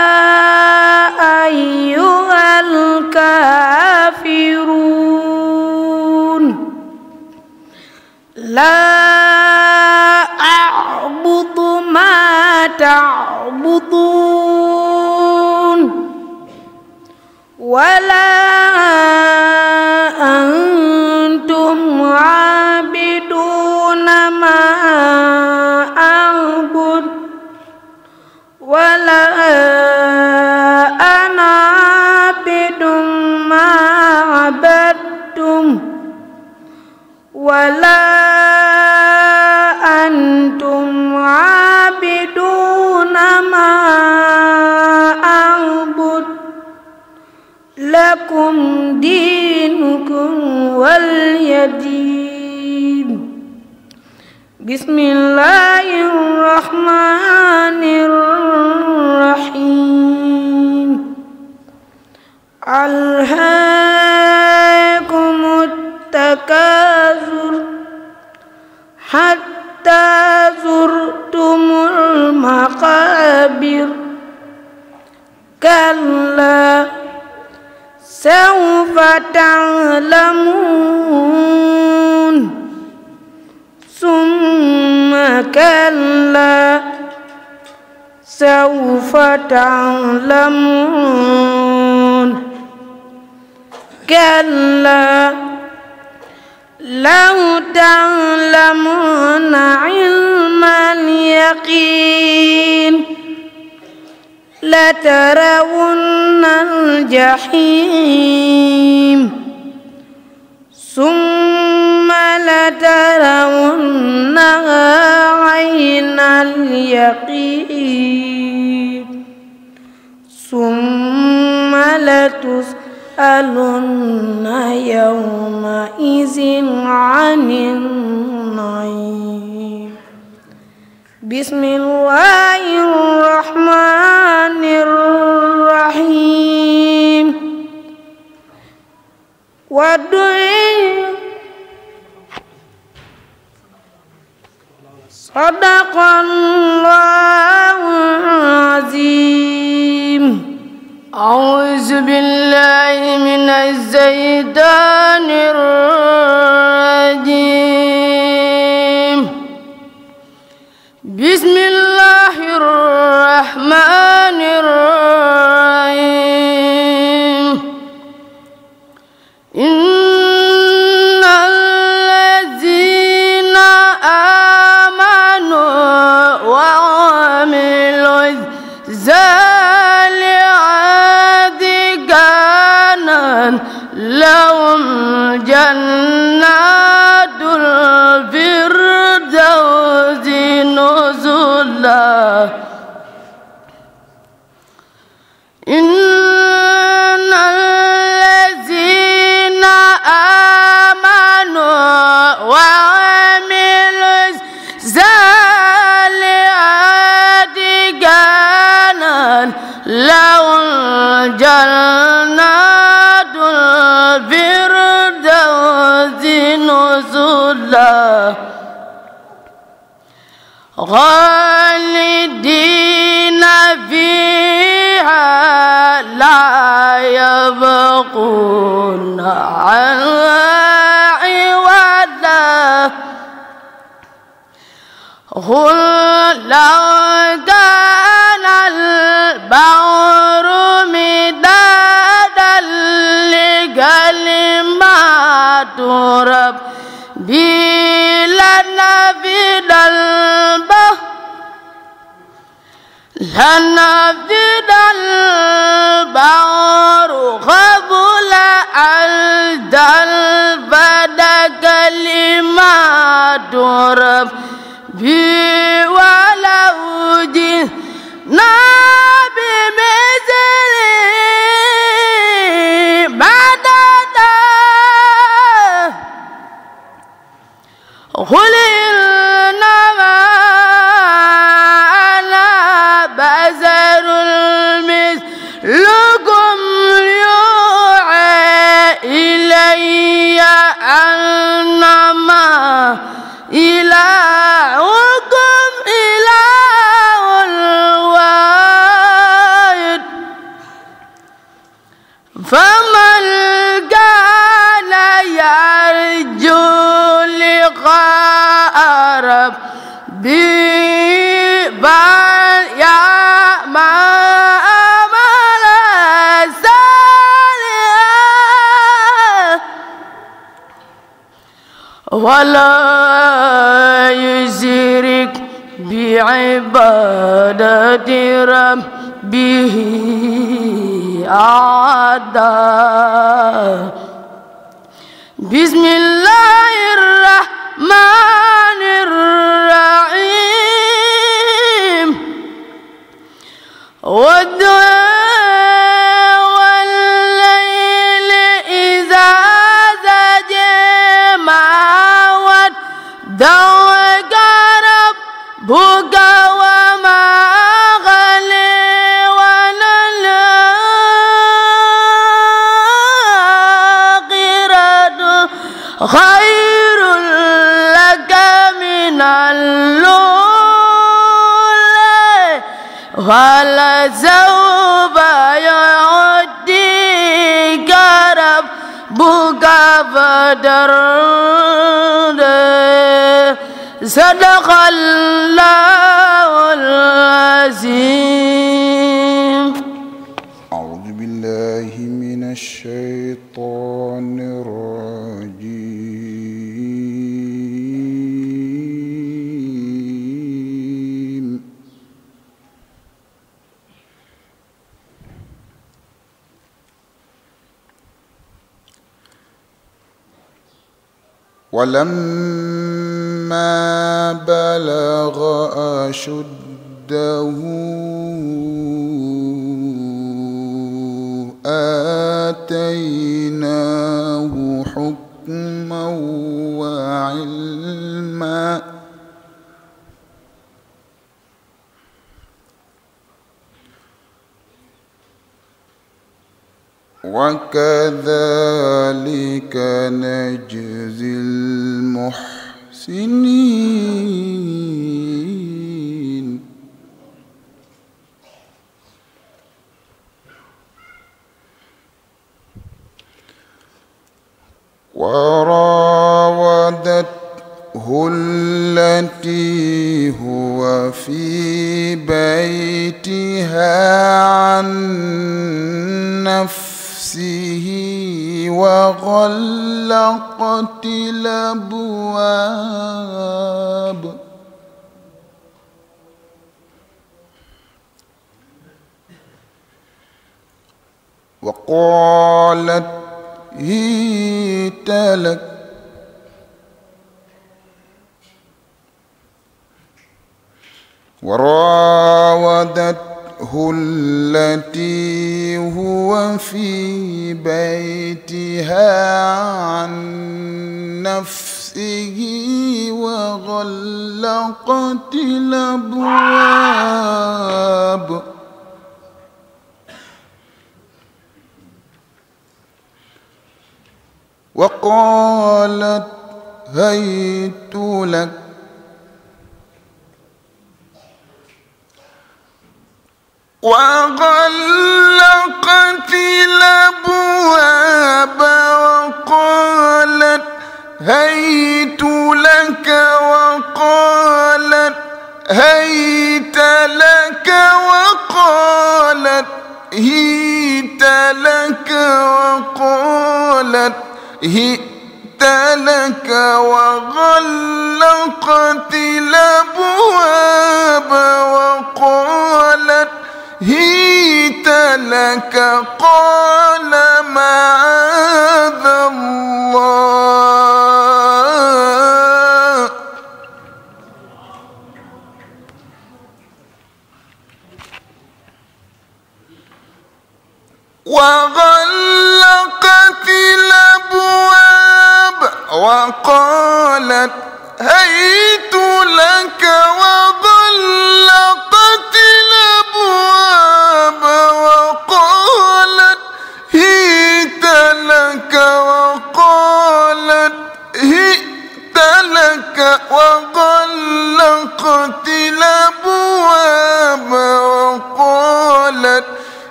أيها الكافرون لا أعبد ما تعبدون ولا أنا عابد ما عبدتم ولا أنتم عابدون ما أعبد لكم دينكم واليدين بسم الله الرحمن الرحيم ألهاكم التكاثر حتى زرتم المقابر كلا سوف تعلمون ثم كلا سوف تعلمون كلا لو تعلمون علم اليقين لترون الجحيم ثم لترونها عين اليقين ثم لتسألن يومئذ عن النعيم بسم الله الرحمن الرحيم ودعي صدق الله العظيم أعوذ بالله من الزيدان الرجيم بسم الله الرحمن الرحيم إن الذين آمنوا وعملوا الزالعات لهم جنات الفردوس نزلا إن خالدين فيها لا يبقون عنها عودا قل لو كان البحر مدادا لكلمات ربي لنفد البحر لنبذ البحر قبل أن تلفت كلمات ربي ولو جئنا بمثله بددا قل ولا يشرك بعبادة ربه أعدا بسم الله الرحمن والدعاء والليل إذا زجم ودعك ربك ولا سوف قرب بوكا فترضى صدق الله العظيم أعوذ بالله من الشيطان الرجيم ولما بلغ أشده آتيناه وكذلك نجزي المحسنين وراودته التي هو في بيتها عن نفسه نفسه وغلقت الابواب وقالت هيت لك وراودت امرأته التي هو في بيتها عن نفسه وغلقت الأبواب وقالت هيت لك وغلقت الابواب وقالت هيت لك وقالت هيت لك وقالت هيت لك وقالت هئت لك وغلقت الابواب وقالت نهيت لك قال معاذ الله وغلقت الابواب وقالت هيت لك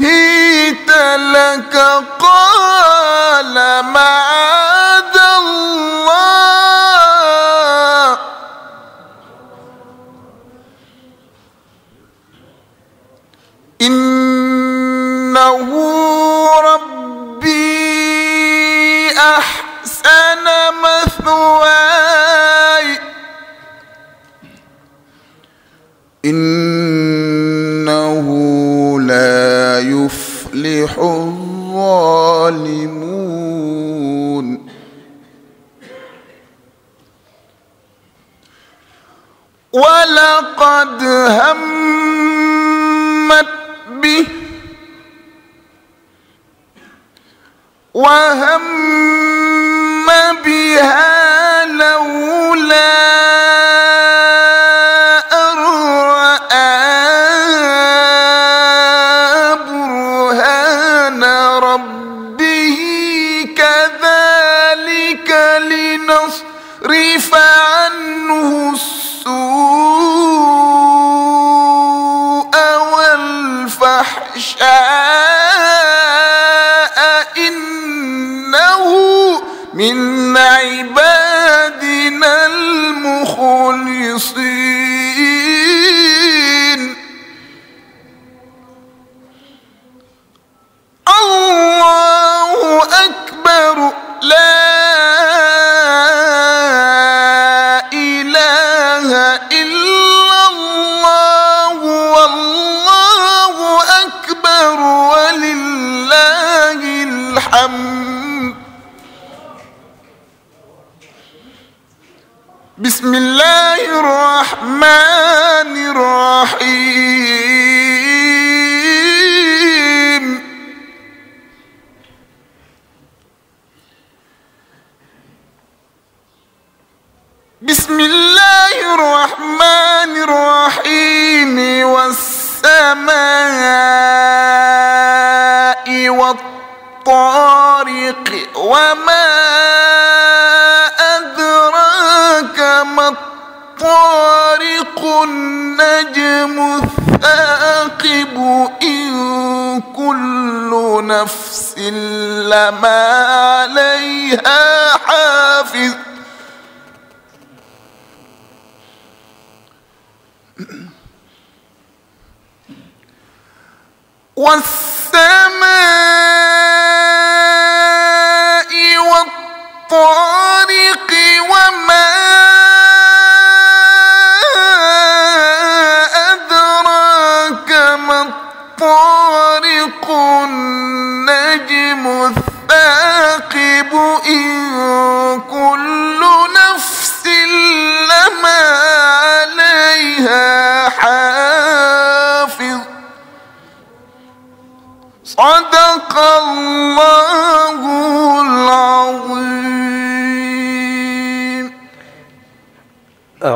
نهيت لك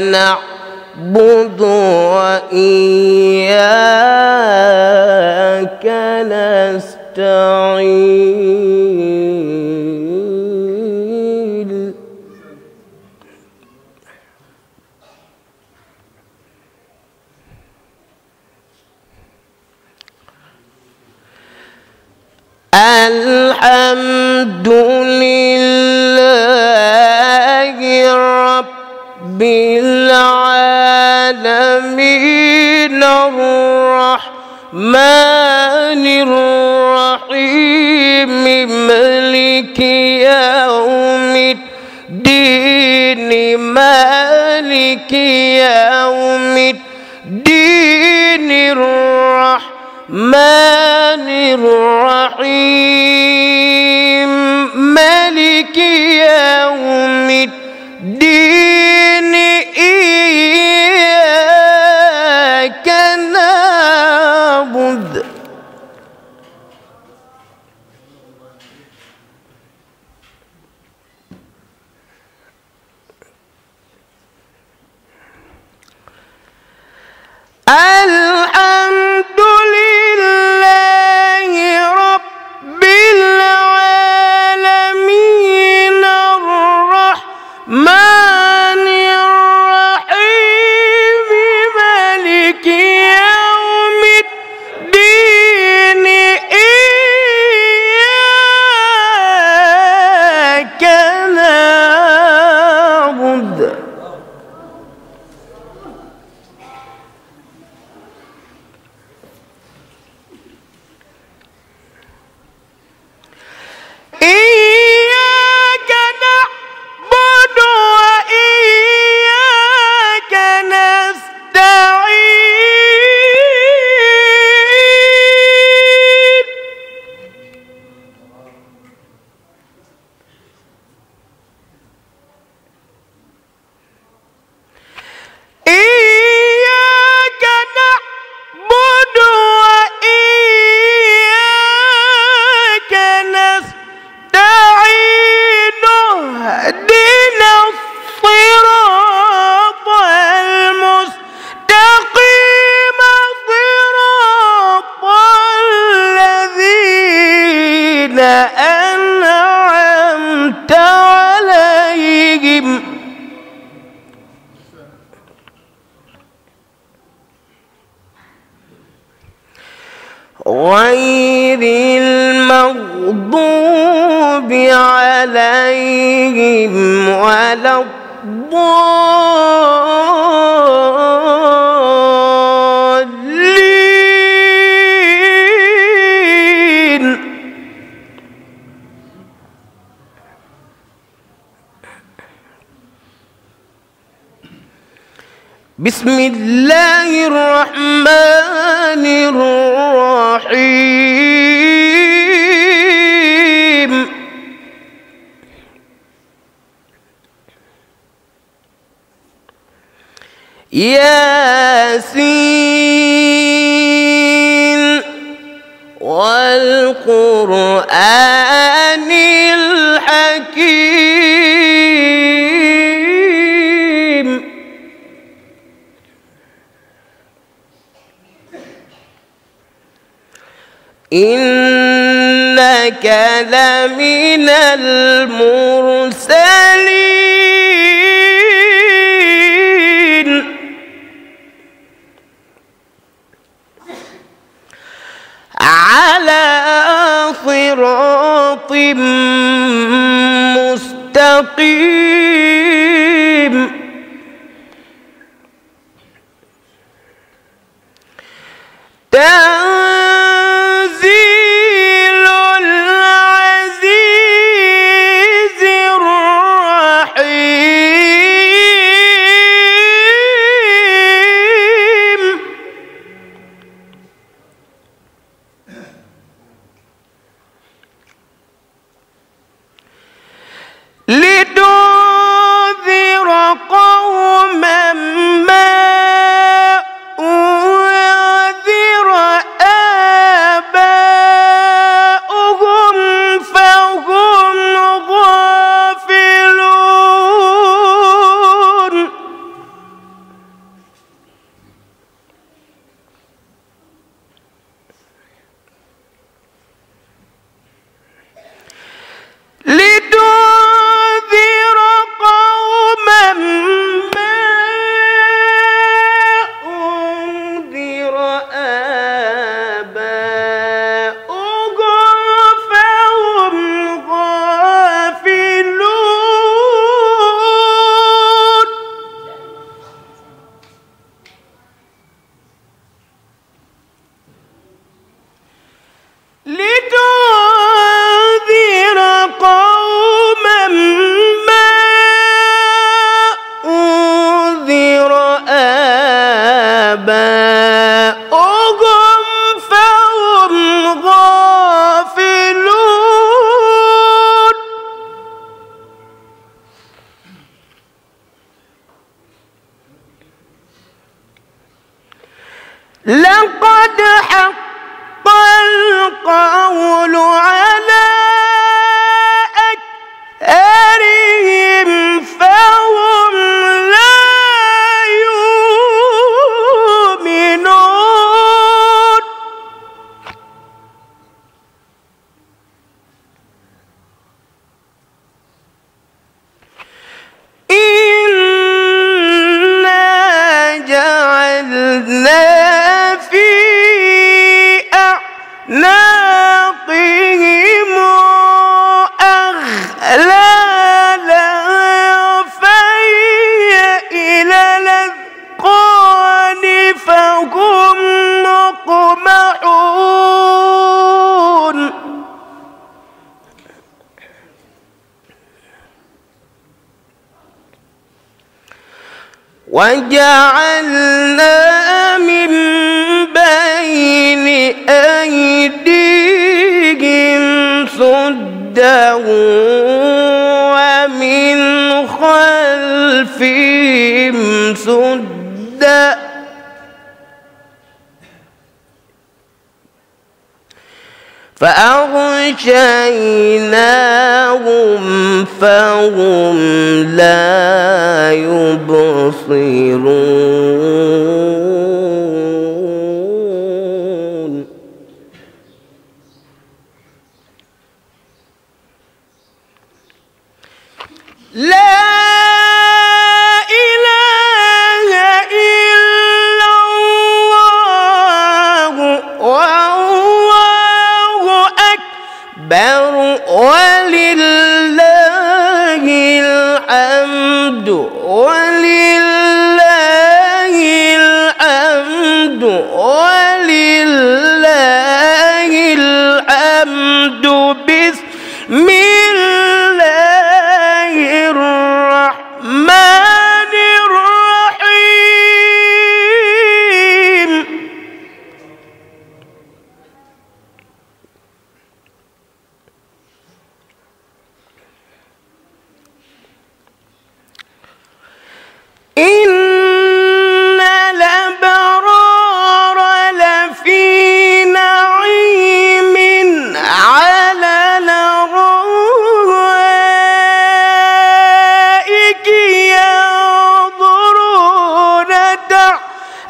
نعم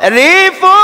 Refu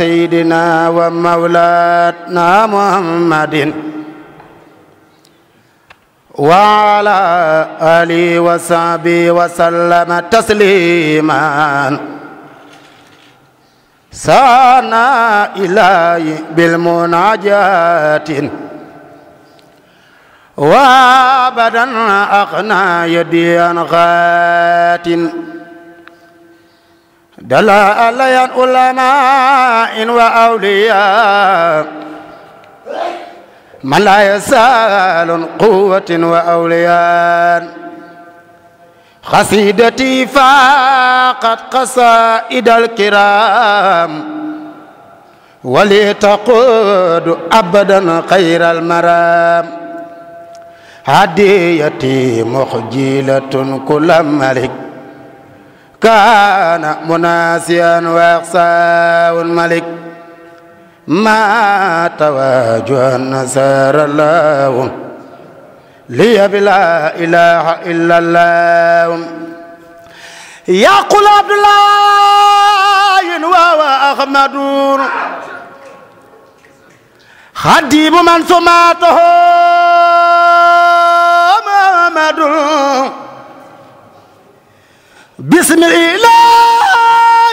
سيدنا ومولانا محمد وعلى آله وصحبه وسلم تسليما سانا إلهي بالمناجات وابدا أغنى يدي عن غات دل علي علماء وأولياء من لا يسال قوة وأولياء قصيدتي فاقت قصائد الكرام وليتقود أبدا خير المرام هديتي مخجلة كل ملك كان مناسيا واقصى الملك ما تواجه النصارى الله لي بلا إله إلا الله يا قل عبد الله وهو أحمد خديم من سماته محمد بسم الإله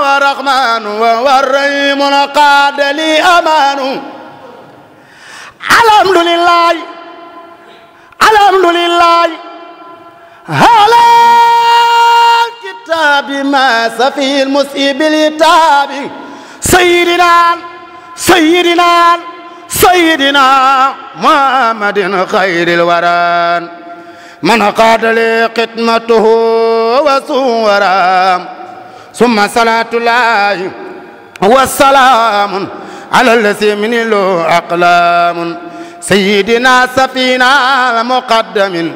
والرحمن والرحيم قاد لي أمان الحمد لله الحمد لله هلا كتاب ما سفي المصيب لتاب سيدنا سيدنا سيدنا محمد خير الوران من قاد لي قدمته وصورا ثم صلاة الله والسلام على الذي من له أقلام سيدنا سفينة المقدم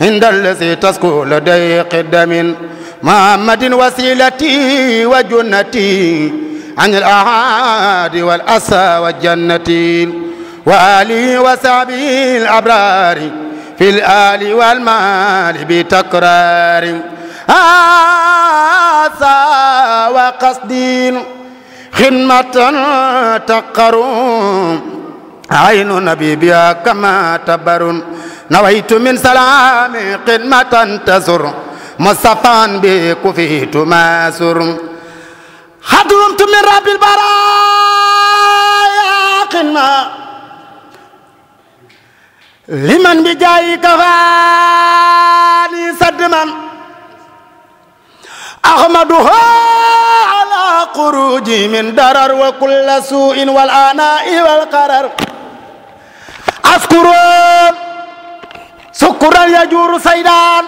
عند الذي تسكو لدي قدم محمد وسيلتي وجنتي عن الأعاد والأسى والجنة وآله وصحبه الأبرار في الآل والمال بتكرار آسى وقصدي خدمة تقر عين نبي بها كما تبر نويت من سلام خدمة تزر مصطفى بكفه تماسر حضرمت من رب البرايا خدمة liman bi jaayi kafaani sadman ahmadu ala xuruji min darar wa kulla suin wal anai wal qarar askuroon sukuran yajuru saydan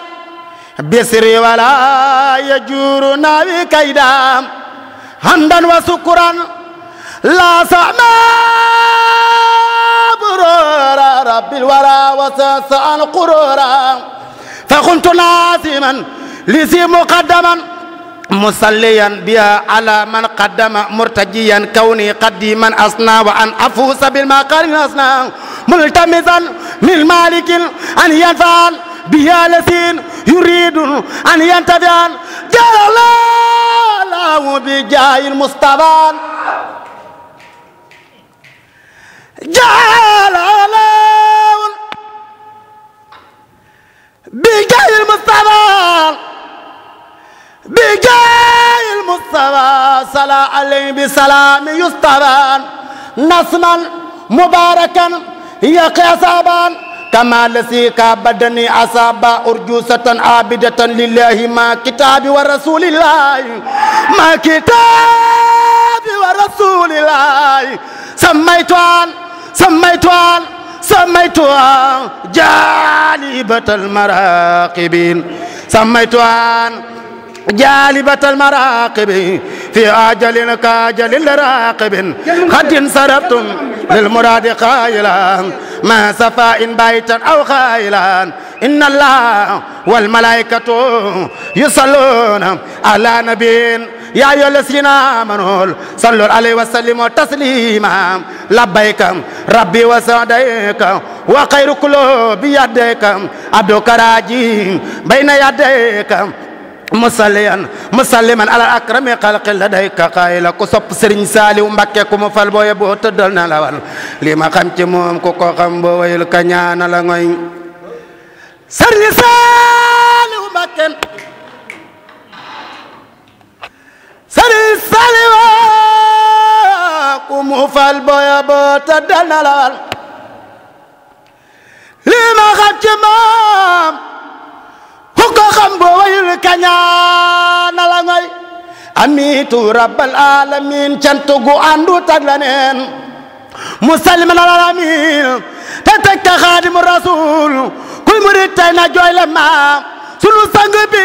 bisri wala yajuru nawi kaydan hamdan wa sukuran la sama burora رب الورى وساس عن قرورا فكنت لازما لزي مقدما مصليا بها على من قدم مرتجيا كوني قديما أصنع وأن أفوز بالمقارن أصنع ملتمسا من مالك أن ينفعل بها لسين يريد أن ينتفع جل الله بجاه المصطفى جلال بجاي المصطفى بجاي المصطفى صلى عليه بسلام يصطفى نصما مباركا يا قياسابا كما لسيك بدني أصابا أرجوسة عابدة لله ما كتاب ورسول الله ما كتاب ورسول الله سميتوان سميتها سميتها جالبة المراقبين سميتها جالبة المراقب في أجل كأجل الراقب قد سربتم للمراد قائلا ما سفاء بيتا أو خائلا إن الله والملائكة يصلون على نبي يا أيها الذين آمنوا صلوا عليه وسلموا تسليما لبيك ربي وسعديك وخير كله بيديك عبدك راجي بين يديك musaliyan musaliman ala akrami xalqi ladayka xayla ku sopp sëriñ saaliw mbakke ku mu booye boo tëddal na la wal ci moom ku ko xam boo wayul ka ñaana la ngoy sëriñ saaliw sëriñ Saliwa ku mu fal booya boo te dana la wal lii ma xam ci moom ku ko xam boo wayul kañaan la ngoy amitu rabbal alamin cant gu àndu tag la neen musaliman alal amin te teg te xaadimu rasul kuy murit tey na jooy la maam sunu sang bi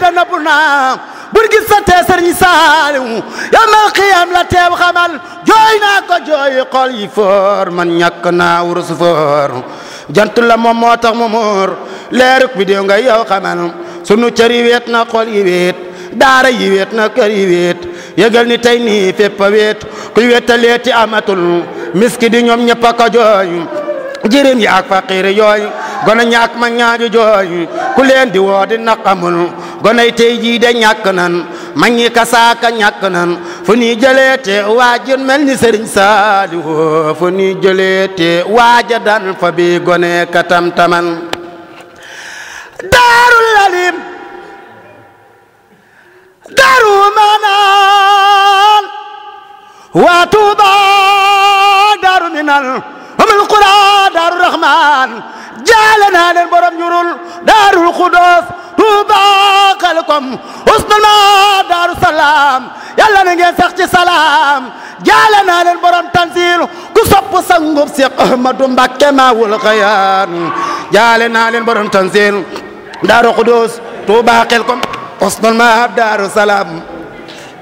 dana bu naam bur gi sante sëriñ saaliw yamal xiyam la teew xamal jooy naa ko jooy xol yi foor man ñàkk naa wurus foor jant la moom moo tax mu nga yow xamal sunu cër yi weet na xol yi weet daara yi weet na kër yi weet yëgal ni tey nii fépp a weet kuy wéetalee ti amatul miski di ñoom ñëpp a ko jooy jërim yaak faqiir yooyu gone ñàkk ma ñaaju jooyu ku leen di woo di naqamul goney tey jii de ñàkk nan ma ñi kasaaka ñàkk nan fu ñuy jëlee te waajun mel ni sëriñ Saalihu fu ñuy jëlee te waaja dan fa bi gone katam taman daarul alim daaru manaan waa tuuba daaru minal amul quraan دار الرحمن جعلنا للبرم جرول دار الخدوس توبا قلكم حسن الماء دار السلام يلا نجي سخت سلام جعلنا للبرم تنزيل كسب سنغب سيق مدوم بكما والخيان جعلنا للبرم تنزيل دار الخدوس توبا قلكم حسن الماء دار السلام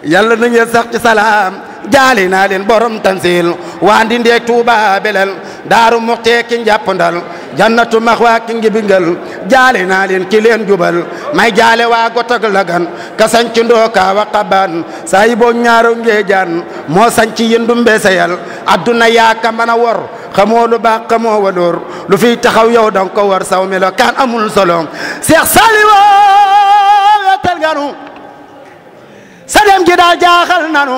يلا نجي سخت سلام jaali naa leen borom tansil waa ndi ndeeg Tuuba belal daaru muxtee ki njàppandal jannatu max waa ki ngibingal jaali naa leen ki leen jubal may jaale waa gotag lagan ka sanc ndooka wa xaban saa yi boo ñaaro ngeejaan moo sanc yëndu adduna yaaka mën a wor xamoo lu baax xamoo walóor lu fiy taxaw yow danga ko war saw melo kaan amul solo Seex Saaliw wetal ganu sa gi daal jaaxal nanu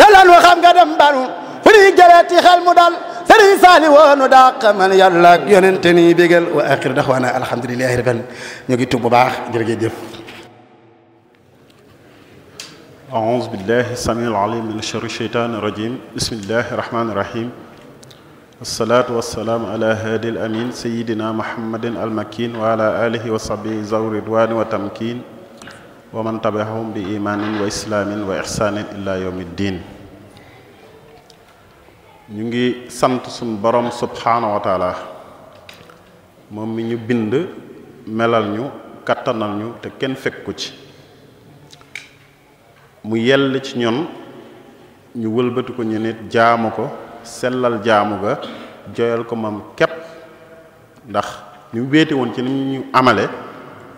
yàlla nu xam nga dem baru fu ñuy jëlee ci xel mu dal sëriñ saali woonu dàq man yàlla ak yonente nii bégal wa axir daxwaana alhamdulilahi rabbil ñu ngi tub bu baax jërëjëf أعوذ بالله السميع العليم من شر الشيطان الرجيم بسم الله الرحمن الرحيم الصلاة والسلام على هادي الأمين سيدنا محمد المكين وعلى آله وصحبه ذوي الرضوان والتمكين wa man tabiahum bi imaanin wa islaamin wa ihsaanin ila yawmi ñu ngi sant suñ borom subhaanahu wa moom mi ñu bind melal ñu kattanal ñu te kenn fekku ci mu yell ci ñoon ñu wëlbati ko ñu nit jaamu ko sellal jaamu ga joyal ko moom képp ndax ñu wéete woon ci ni ñu amale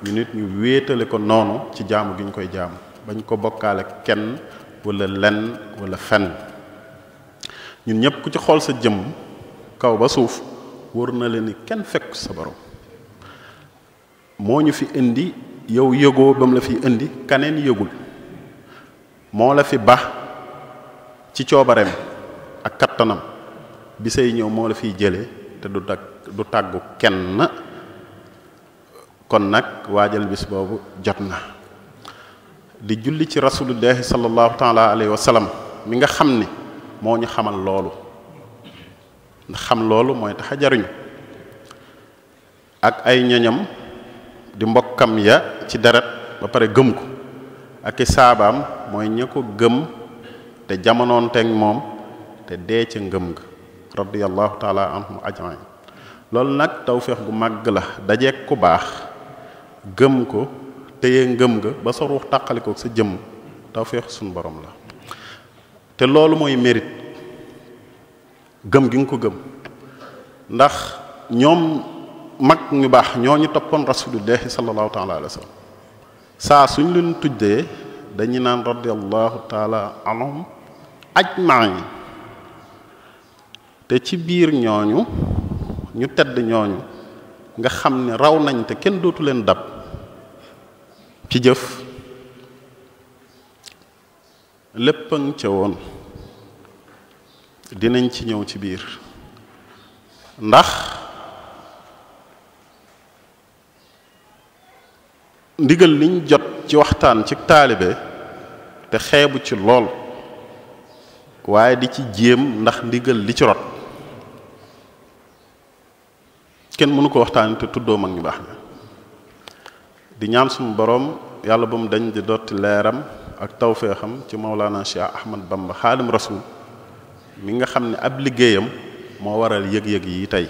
ñu nit ñu wéetale ko noonu ci jaamu gi ñu koy jaamu bañ ko bokkaale kenn wala lenn wala fenn ñun ñëpp ku ci xool sa jëm kaw ba suuf wër na leen ni kenn fekk sa borom moo ñu fi indi yow yëgoo ba mu la fi indi kaneen yëgul moo la fi ba ci coobareem ak kattanam bi say ñëw moo la fiy jëlee te du tag du tàggu kenn kon nak wajal bis bobu jotna di julli ci Rasulullah sallallahu taala alayhi wa sallam mi nga xamni ne ñu xamal lolu ndax xam lolu moy tax jaruñu ak ay ñoñam di mbokam ya ci deret ba pare gëm ko ak sabam moy gëm te jamonoonteeg te de ci ngëm nga radiyallahu taala anhum ajmain lolu nak tawfiq gu mag la ku bax gëm ko téye ngëm nga ba sa ruux tàqale ko sa jëmm tawfeex suñu borom la te loolu mooy mérite gëm gi nga ko gëm ndax ñoom mag ñu baax ñoo ñu toppoon rasulillahi sallallahu taala alayhi wa sallam saa suñ leen tuddee dañu naan radiallahu taala anhum ajmain te ci biir ñooñu ñu tedd ñooñu nga xam ne raw nañ te kenn dootu leen dab ci jëf lépp a ca woon dinañ ci ñëw ci biir ndax ndigal liñ jot ci waxtaan ci taalibe te xeebu ci lool waaye di ci jéem ndax ndigal li ci rot kenn mënu ko waxtaan te tuddoo mag ñu baax na di ñaan suñu borom yàlla ba mu dañ di dotti leeram ak tawféexam ci maulana cheikh ahmad bamba xaalim rasul mi nga xam ne ab liggéeyam moo waral yëg-yëg yi tey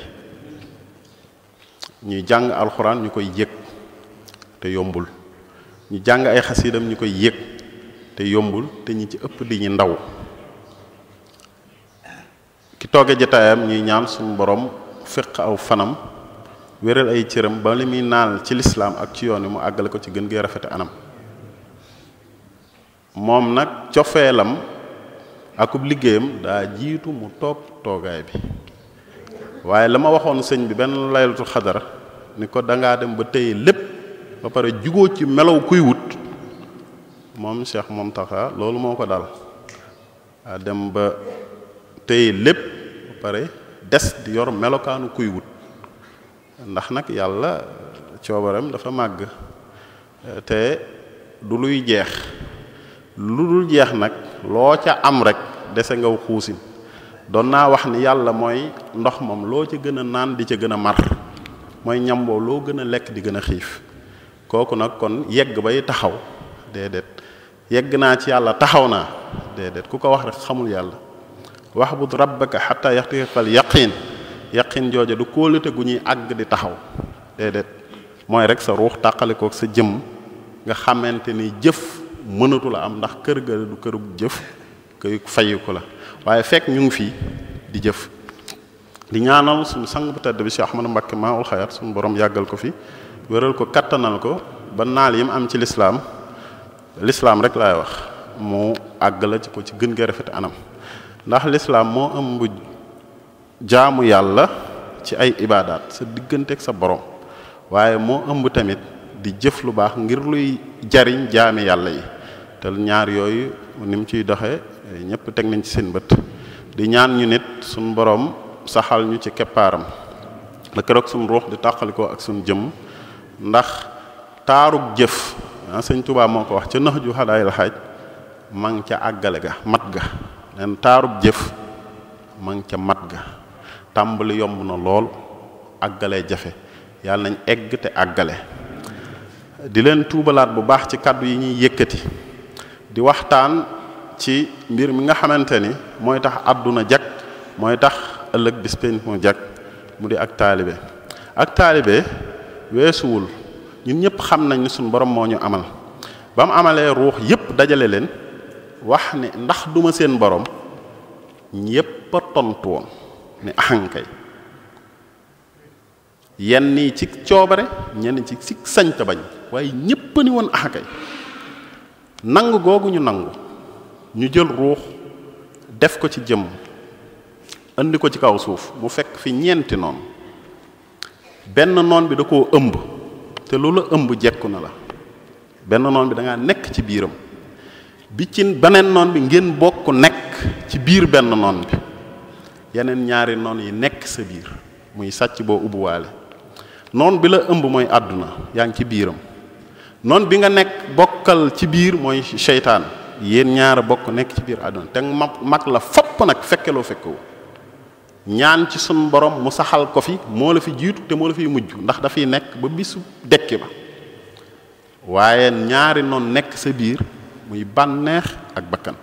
ñuy jàng alxuraan ñu koy yëg te yombul ñu jàng ay xasidam ñu koy te yombul te ñi ci ëpp di ñi ndaw ki tooge jotaayam ñuy ñaan suñu borom fiq aw fanam wéral ay cërëm ba limi naal ci l'islam ak ci yoon mu àggale ko ci gën gee anam moom nag cofeelam akub liggéeyam daa jiitu mu toog toogaay bi waaye la ma waxoon sëñ bi benn laylatul xadar ni ko dangaa dem ba tey lépp ba pare jugoo ci melaw kuy wut moom cheikh montaxa loolu moo ko dal dem ba tey lépp ba pare des di yor melokaanu kuy wut ndax nag yàlla coobaram dafa màgg te du luy jeex lu dul jeex nag loo ca am rek dese ngaw xuusin doon naa wax ni yàlla mooy ndox moom loo ca gën a naan di ca gën a mar mooy ñamboo loo gën a lekk di gën a xiif kooku nag kon yegg bay taxaw déedéet yegg naa ci yàlla taxaw naa déedéet ku ko wax rek xamul yàlla wax bu rabbaka xata yaxtiqal yaqin yaqin jojo du kóolute gu ñuy ag di taxaw dedet moy rek sa ruux tàqalikoog sa jëm nga xamanteni ni jëf mënatu la am ndax kër ga du kërub jëf këy fayiku la waye fek ñu fi di jëf di ñaanal sun sang bu tedd bi Cheikh Ahmadou mbacke maul Hayaat sun borom yagal ko fi wëral ko katanal ko ba naal yim am ci l'islam l'islam rek lay wax mu ag la ci ko ci gën rafet anam ndax mo am bu jaamu yàlla ci ay ibaadaat sa digganteeg sa boroom waaye moo ëmb tamit di jëf lu baax ngir luy jariñ jaami yàlla yi te ñaar yooyu ni ciy doxe ñëpp teg nañ ci seen bët di ñaan ñu nit suñ boroom saxal ñu ci keppaaram la keroog suñ ruux di tàqalikoo ak suñ jëmm ndax taarug jëf ah sëñ tubaab moo ko wax ca nax ju xadaayil xaaj ma ngi ca àggale ga mat ga nen taarub jëf ma ngi ca mat ga tàmbali yomb na lool àggalee jafe yàlla nañ egg te àggale di leen tuubalaat bu baax ci kàddu yi ñuy yëkkati di waxtaan ci mbir mi nga xamante ni mooy tax àdduna jag mooy tax ëllëg bis penc mu jag mu di ak taalibe ak taalibe weesuwul ñun ñëpp xam nañ ni suñ borom moo ñu amal ba mu amalee ruux yëpp dajale leen wax ne ndax duma seen borom ñëpp a tontu woon ne ahankay yenn yi ci coobare ñenn ci ci sañ ta bañ waaye ñépp ni woon ahankay nangu googu ñu nangu ñu jël ruux def ko ci jëm indi ko ci kaw suuf mu fekk fi ñeenti noon benn noon bi da koo ëmb te loolu ëmb jekku na la benn noon bi da nekk ci biiram bi ci beneen noon bi ngeen bokk nekk ci biir benn noon bi yeneen ñaari noon yi nekk sa biir muy sàcc boo ubbuwaale noon bi la ëmb mooy àdduna yaa ngi ci biiram noon bi nga nekk bokkal ci biir mooy seytaan yéen ñaari bokk nekk ci biir àdduna te mag mag la fopp nag fekkeloo fekkewu ñaan ci sun borom mu saxal ko fi moo la fi jiitu te moo la fiy mujj ndax dafay nekk ba bisu dekki ba waaye ñaari noon nekk sa biir muy bànneex ak bakkan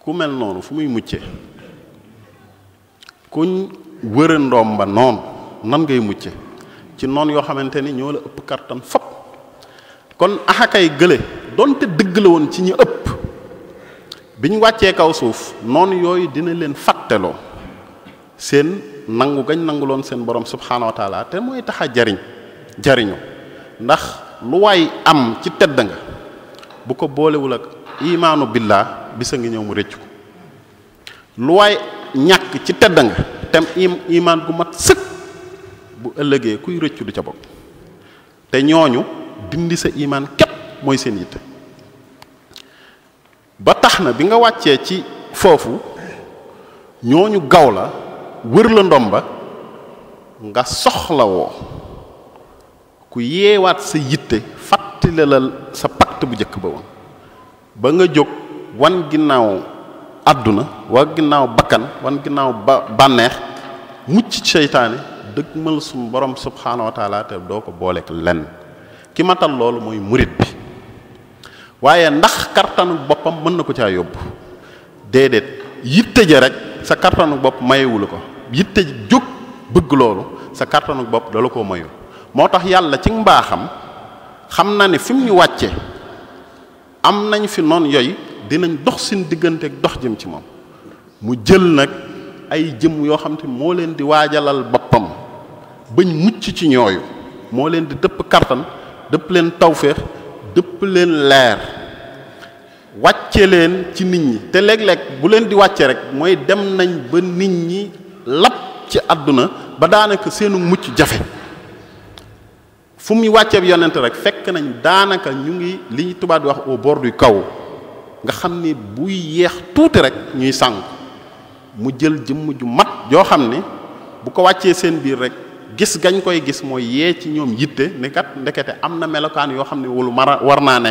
ku mel noonu fu muy muccee kuñ wëra ba noon nan ngay mucce ci noon yoo xamante ni ñoo la ëpp kartan fop kon axakay gële donte dëgg la woon ci ñi ëpp bi ñu wàccee kaw suuf noon yooyu dina leen fàtteloo seen nangu gañ nanguloon seen borom subhanahu wa taala te mooy taxa jariñ jariñu ndax lu way am ci tedd nga bu ko boolewul ak imaanu billah bisa ngi ñëw mu rëccu lu way ñëkk ci tedd nga tem iman gu mat sëkk bu ëllëgee kuy rëccu du ca bokk te ñooñu dindi sa iman képp mooy seen yitte ba tax na bi nga wàccee ci foofu ñooñu gaw la wër la ndomba nga soxla woo ku yeewaat sa yitte fàttali la sa pacte bu jëkk ba woon ba nga jóg wan ginnaaw àdduna waa ginnaaw bakkan wan ginnaaw ba bànneex mucc ci seytaane ma suñu borom subhaanahu wa taala doo ko booleeg lenn ki matal loolu mooy murit bi waaye ndax kartanu boppam mën na ko caa yóbbu déedéet yitte ja rek sa kartanu bopp mayewul ko yitte jóg bëgg loolu sa kartanu bopp dala koo mayul moo tax yàlla ci mbaaxam xam na ni fi muy wàcce am nañ fi noon yooyu dinañ dox seen diggante ak dox jëm ci moom mu jël nag ay jëm yoo xam te moo leen di waajalal boppam bañ mucc ci ñooyu moo leen di dëpp kartan dëpp leen tawféex dëpp leen leer wàcce leen ci nit ñi te léeg-léeg bu leen di wàcce rek mooy dem nañ ba nit ñi lap ci àdduna ba daanaka seenu mucc jafe fu muy wàcceeb yonent rek fekk nañ daanaka ñu ngi li ñu tubaab di wax au bord du chaos nga xam ni buy yeex tuuti rekk ñuy sàng mu jël jëmm ju mat joo xam ne bu ko wàccee seen biir rek gis gañ koy gis mooy yee ci ñoom yitte ne kat ndekete am na melokaan yoo xam ne wulu mara war naa ne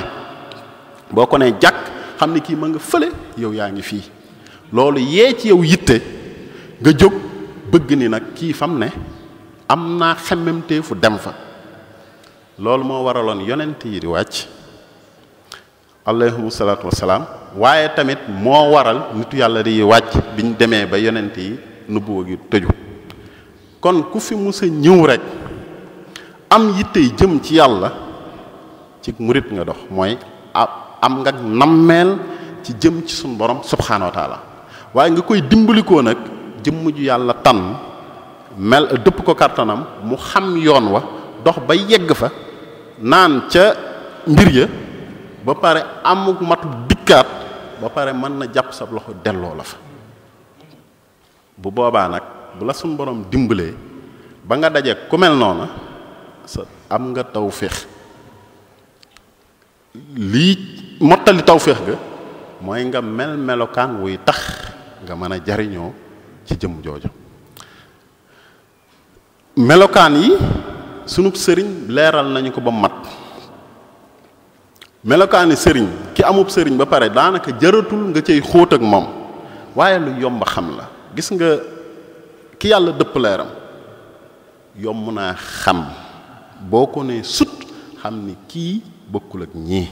boo ko nee jàkk xam ne kii ma nga fële yow yaa ngi fii loolu yee ci yow yitte nga jóg bëgg ni nag kii fam ne am naa xemmemte fu dem fa loolu moo waraloon yonent yi di wàcc alayhi salaatu wasalaam waaye tamit moo waral nitu yàlla di wàcc biñ demee ba yonent yi nubuwa gi tëju kon ku fi musa ñëw rek am yittey jëm ci yàlla ci murit nga dox mooy am nga nammeel ci jëm ci sunu borom subxanahu wa waaye nga koy dimbalikoo nag jëmm ju yàlla tànn mel dëpp ko kàttanam mu xam yoon wa dox ba yegg fa naan ca mbir ya ba pare amuk matu dikkaat ba pare man na japp sa loxo delo la fa bu boba nak bu la sun borom dimbele ba nga dajje ku mel noona sa am nga tawfiq li motali tawfiq ga moy nga mel Melokan wuy tax nga mana jariño ci jëm jojo melokan yi sunu serigne leral nañu ko ba mat melokaani sëriñ ki amub sëriñ ba pare daanaka jaratul nga cey xóot ak moom waaye lu yomb xam la gis nga ki yàlla dëpp leeram yomb naa xam boo ko nee sut xam ni kii bokkul ak ñii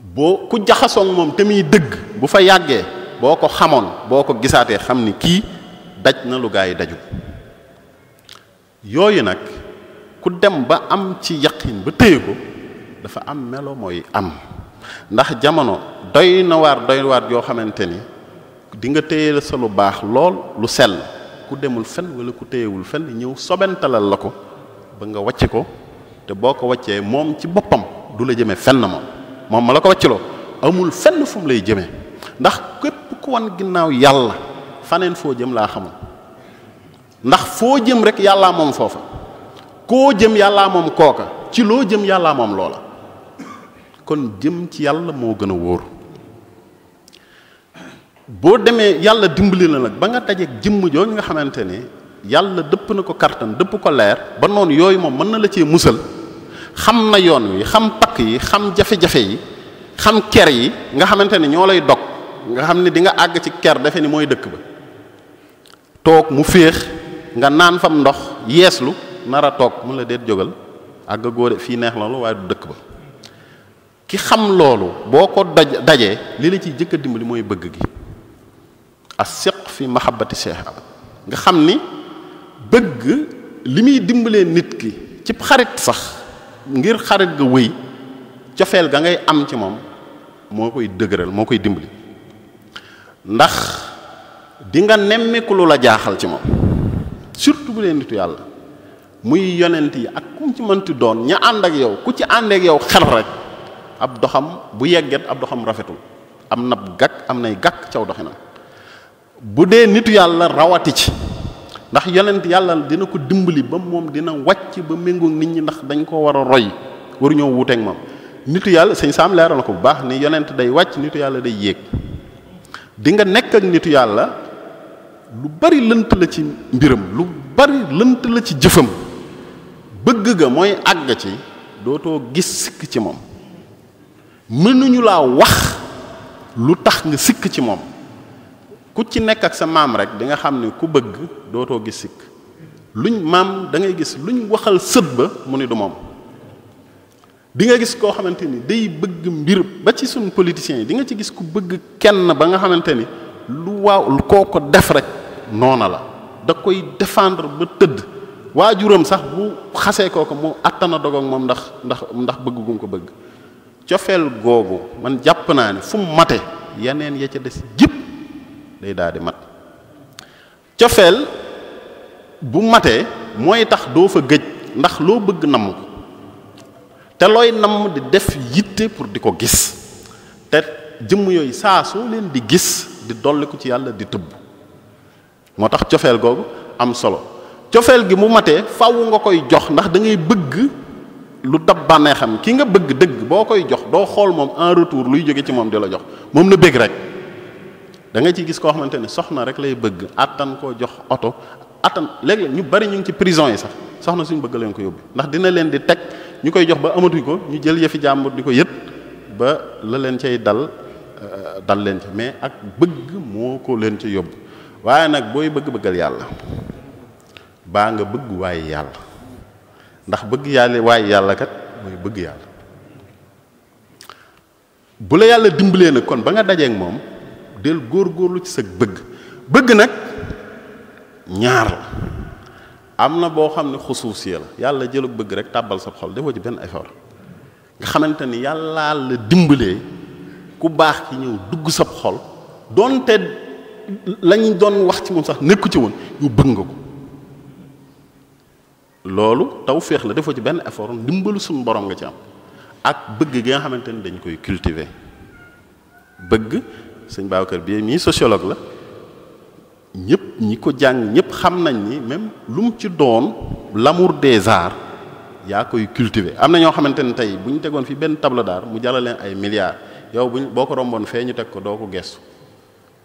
boo ku jaxasoog moom te muy dëgg bu fa yàggee boo ko xamoon boo ko gisaatee xam ni kii daj na lu gaa yi daju yooyu nag ku dem ba am ci yaqin ba téye ko dafa am melo mooy am ndax jamono doy na waar doy waar yoo xamante ni di nga téye sa lu baax lool lu sell ku demul fenn wala ku téyewul fenn ñëw sobentalal la ko ba nga wàcce ko te boo ko wàccee moom ci boppam du la jëmee fenn moom moom ma la ko wàcciloo amul fenn fu lay jëmee ndax képp ku wan ginnaaw yàlla faneen foo jëm laa xamul ndax foo jëm rek yàllaa moom foofa koo jëm yàlla moom kooka ci loo jëm yàllaa moom loola kon jëm ci yàlla moo gën a wóor boo demee yàlla dimbali la nag ba nga tajeeg jëmm jooju nga xamante ne yàlla dëpp na ko kartan dëpp ko leer ba noonu yooyu moom mën na la cee musal xam na yoon wi xam pakk yi xam jafe-jafe yi xam ker yi nga xamante ne ñoo lay dog nga xam ne di nga àgg ci ker defe ni mooy dëkk ba toog mu féex nga naan fam ndox yeeslu nar a toog mu la deet jógal àgg góode fii neex la lu waaye du dëkk ba ki xam loolu boo ko daj dajee li la ciy jëkk a dimbali mooy bëgg gi as siq fi mahabbati cheikh nga xam ni bëgg li muy dimbalee nit ki cib xarit sax ngir xarit ga wéy cofeel ga ngay am ci moom moo koy dëgëral moo koy dimbali ndax di nga nemmeeku lu la jaaxal ci moom surtout bu dee nitu yàlla muy yonent yi ak kum ci mënti doon ña ànd ak yow ku ci ànd yow xel rek ab doxam bu yegget ab doxam rafetul am na gàkk am nay gàkk caw doxinam bu dee nitu yàlla rawati ci ndax yonent yàlla dina ko dimbali ba moom dina wàcc ba méngoo nit ñi ndax dañ ko war a roy waruñoo wuuteeg moom nitu yàlla sëñ saam leeral na ko bu baax ni yonent day wàcc nitu yàlla day yéeg dinga nekk ak nitu yàlla lu bari lënt la ci mbiram lu bari lënt la ci jëfam bëgg ga mooy àgg ci dootoo gis sikk ci moom mënuñu laa wax lu tax nga sikk ci moom ku ci nekk ak sa maam rek dinga xam ne ku bëgg dootoo gis sikk luñ maam da ngay gis luñ waxal sët ba mu ni du moom di nga gis koo xamante ni day bëgg mbir ba ci suñ politiciens yi di nga ci gis ku bëgg kenn ba nga xamante ni lu waaw koo ko def rek noona la da koy défendre ba tëdd waajuram sax bu xasee koo ko mu àttana dogoog moom ndax ndax ndax bëgg gum ko bëgg cofeel googu man jàpp naa ne fu mate yeneen ya ca des jëpp day daal mat cofeel bu matee mooy tax doo fa gëj ndax loo bëgg namm ko te looy namm di def yitte pour di ko gis te jëmm yooyu saa soo leen di gis di dolli ko ci yàlla di tëbb moo tax cofeel googu am solo cofeel gi mu matee faw nga koy jox ndax dangay bëgg lu tab banexam ki nga bëgg dëgg boo koy jox doo xool moom en retour luy jóge ci moom di la jox moom na bëgg rek da nga ci gis koo xamante ne soxna rek lay bëgg attan ko jox oto attan léeg-léeg ñu bari ñu ngi ci prison yi sax soxna suñu bëgg leen ko yóbbu ndax dina leen di teg ñu koy jox ba amatu ko ñu jël yëfi jàmbur di ko ba la leen cay dal euh, dal leen ci mais ak bëgg moo ko leen ci yóbbu waaye nag booy bëgg bëggal yàlla baa nga bëgg waaye yàlla ndax bëgg yàlla waaye yàlla kat mooy bëgg yàlla bu la yàlla dimbalee nag kon ba nga dajeek moom del góor-góorlu ci sag bëgg bëgg nag ñaar la am na boo xam ne xusuus la yàlla jëlu bëgg rek tàbbal sa xol defoo ci benn effort nga xamante ni yàllaa la dimbalee ku baax ci ñëw dugg sab xol doonte lañu doon wax ci moom sax nekku ci woon yu bëgg nga ko loolu taw féex la defoo ci benn effort ndimbalu suñu borom nga ci am ak bëgg gi nga xamante ni dañ koy cultiver bëgg sëñ Babacar bi mii sociologue la ñëpp ñi ko jàng ñëpp xam nañ ni même lu ci doon l'amour des arts yaa koy cultiver am na ñoo xamante ni tey bu ñu tegoon fi benn tableau d'art mu jàllale leen ay milliards yow buñ boo ko romboon fee ñu teg ko doo ko gestu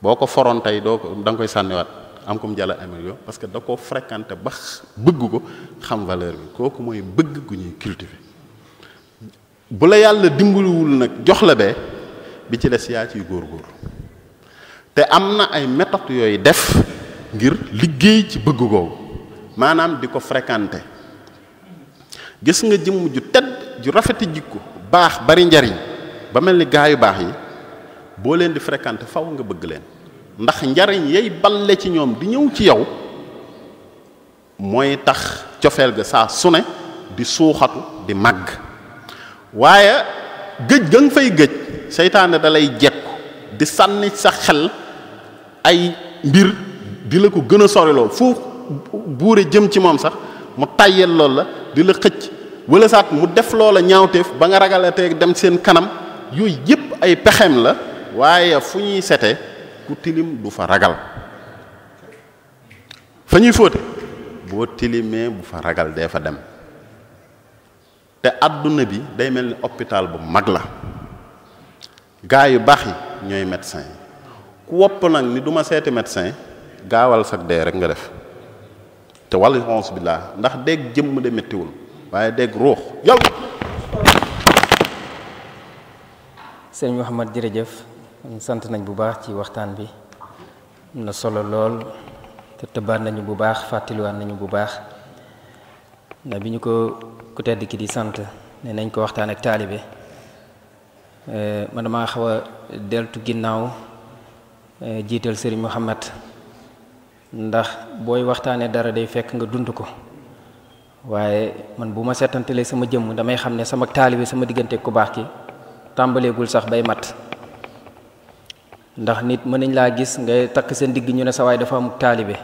boo ko foroon tey doo ko da nga koy sànniwaat. am comme jàll américain parce que da ko fréquenté ba bëgg ko xam valeur bi kooku mooy bëgg gu ñuy cultiver bu la yàlla dimbaliwul nag jox la bee bi ci des yaa ciy góorgóorlu te am na ay méthodes yooyu def ngir liggéey ci bëgg googu maanaam di ko frekante gis nga jëmm ju tedd ju rafeti jikko baax bari njariñ ba mel ni gaa yu baax yi boo leen di frekante faw nga bëgg leen ndax njariñ yay balle ci ñoom di ñëw ci yow mooy tax cofeel ga saa su ne di suuxatu di màgg waaye gëj ga nga fay gëj seytaane da lay jekku di sànni sa xel ay mbir di la ko gën a sori lool fu buure jëm ci moom sax mu tàyyel lool la di la xëcc wala saat mu def loola ñaawteef ba nga ragala teeg dem seen kanam yooyu yépp ay pexeem la waaye fu ñuy sete ku tilim du fa ragal fañuy ñuy bo tilimé bu fa ragal dé fa dem té aduna bi day melni hôpital bu magla gaay yu bax yi ñoy médecin ku wop nak ni duma sété médecin gaawal sag dé rek nga def té wallahi xons bi laa ndax dégg jëmm de méttiwul waaye dégg ruux yow sëñ Mohamed jërëjëf sant nañ bu baax ci waxtaan bi na solo lool te tëbbaat nañu bu baax fàttaliwaat nañu bu baax na bi ko ku tedd ki di sant ne nañ ko waxtaan ak taalibe eh, man dama xaw a deltu ginnaaw eh, jiital sëriñ muhammad ndax booy waxtaanee dara day fekk nga dund ko waaye man bu ma setantalee sama jëmm damay xam ne sama taalibe sama diggante ku baax ki tàmbaleegul sax bay mat ndax nit mën nañ laa gis ngay takk seen digg ñu ne sa waay dafa amuk taalibe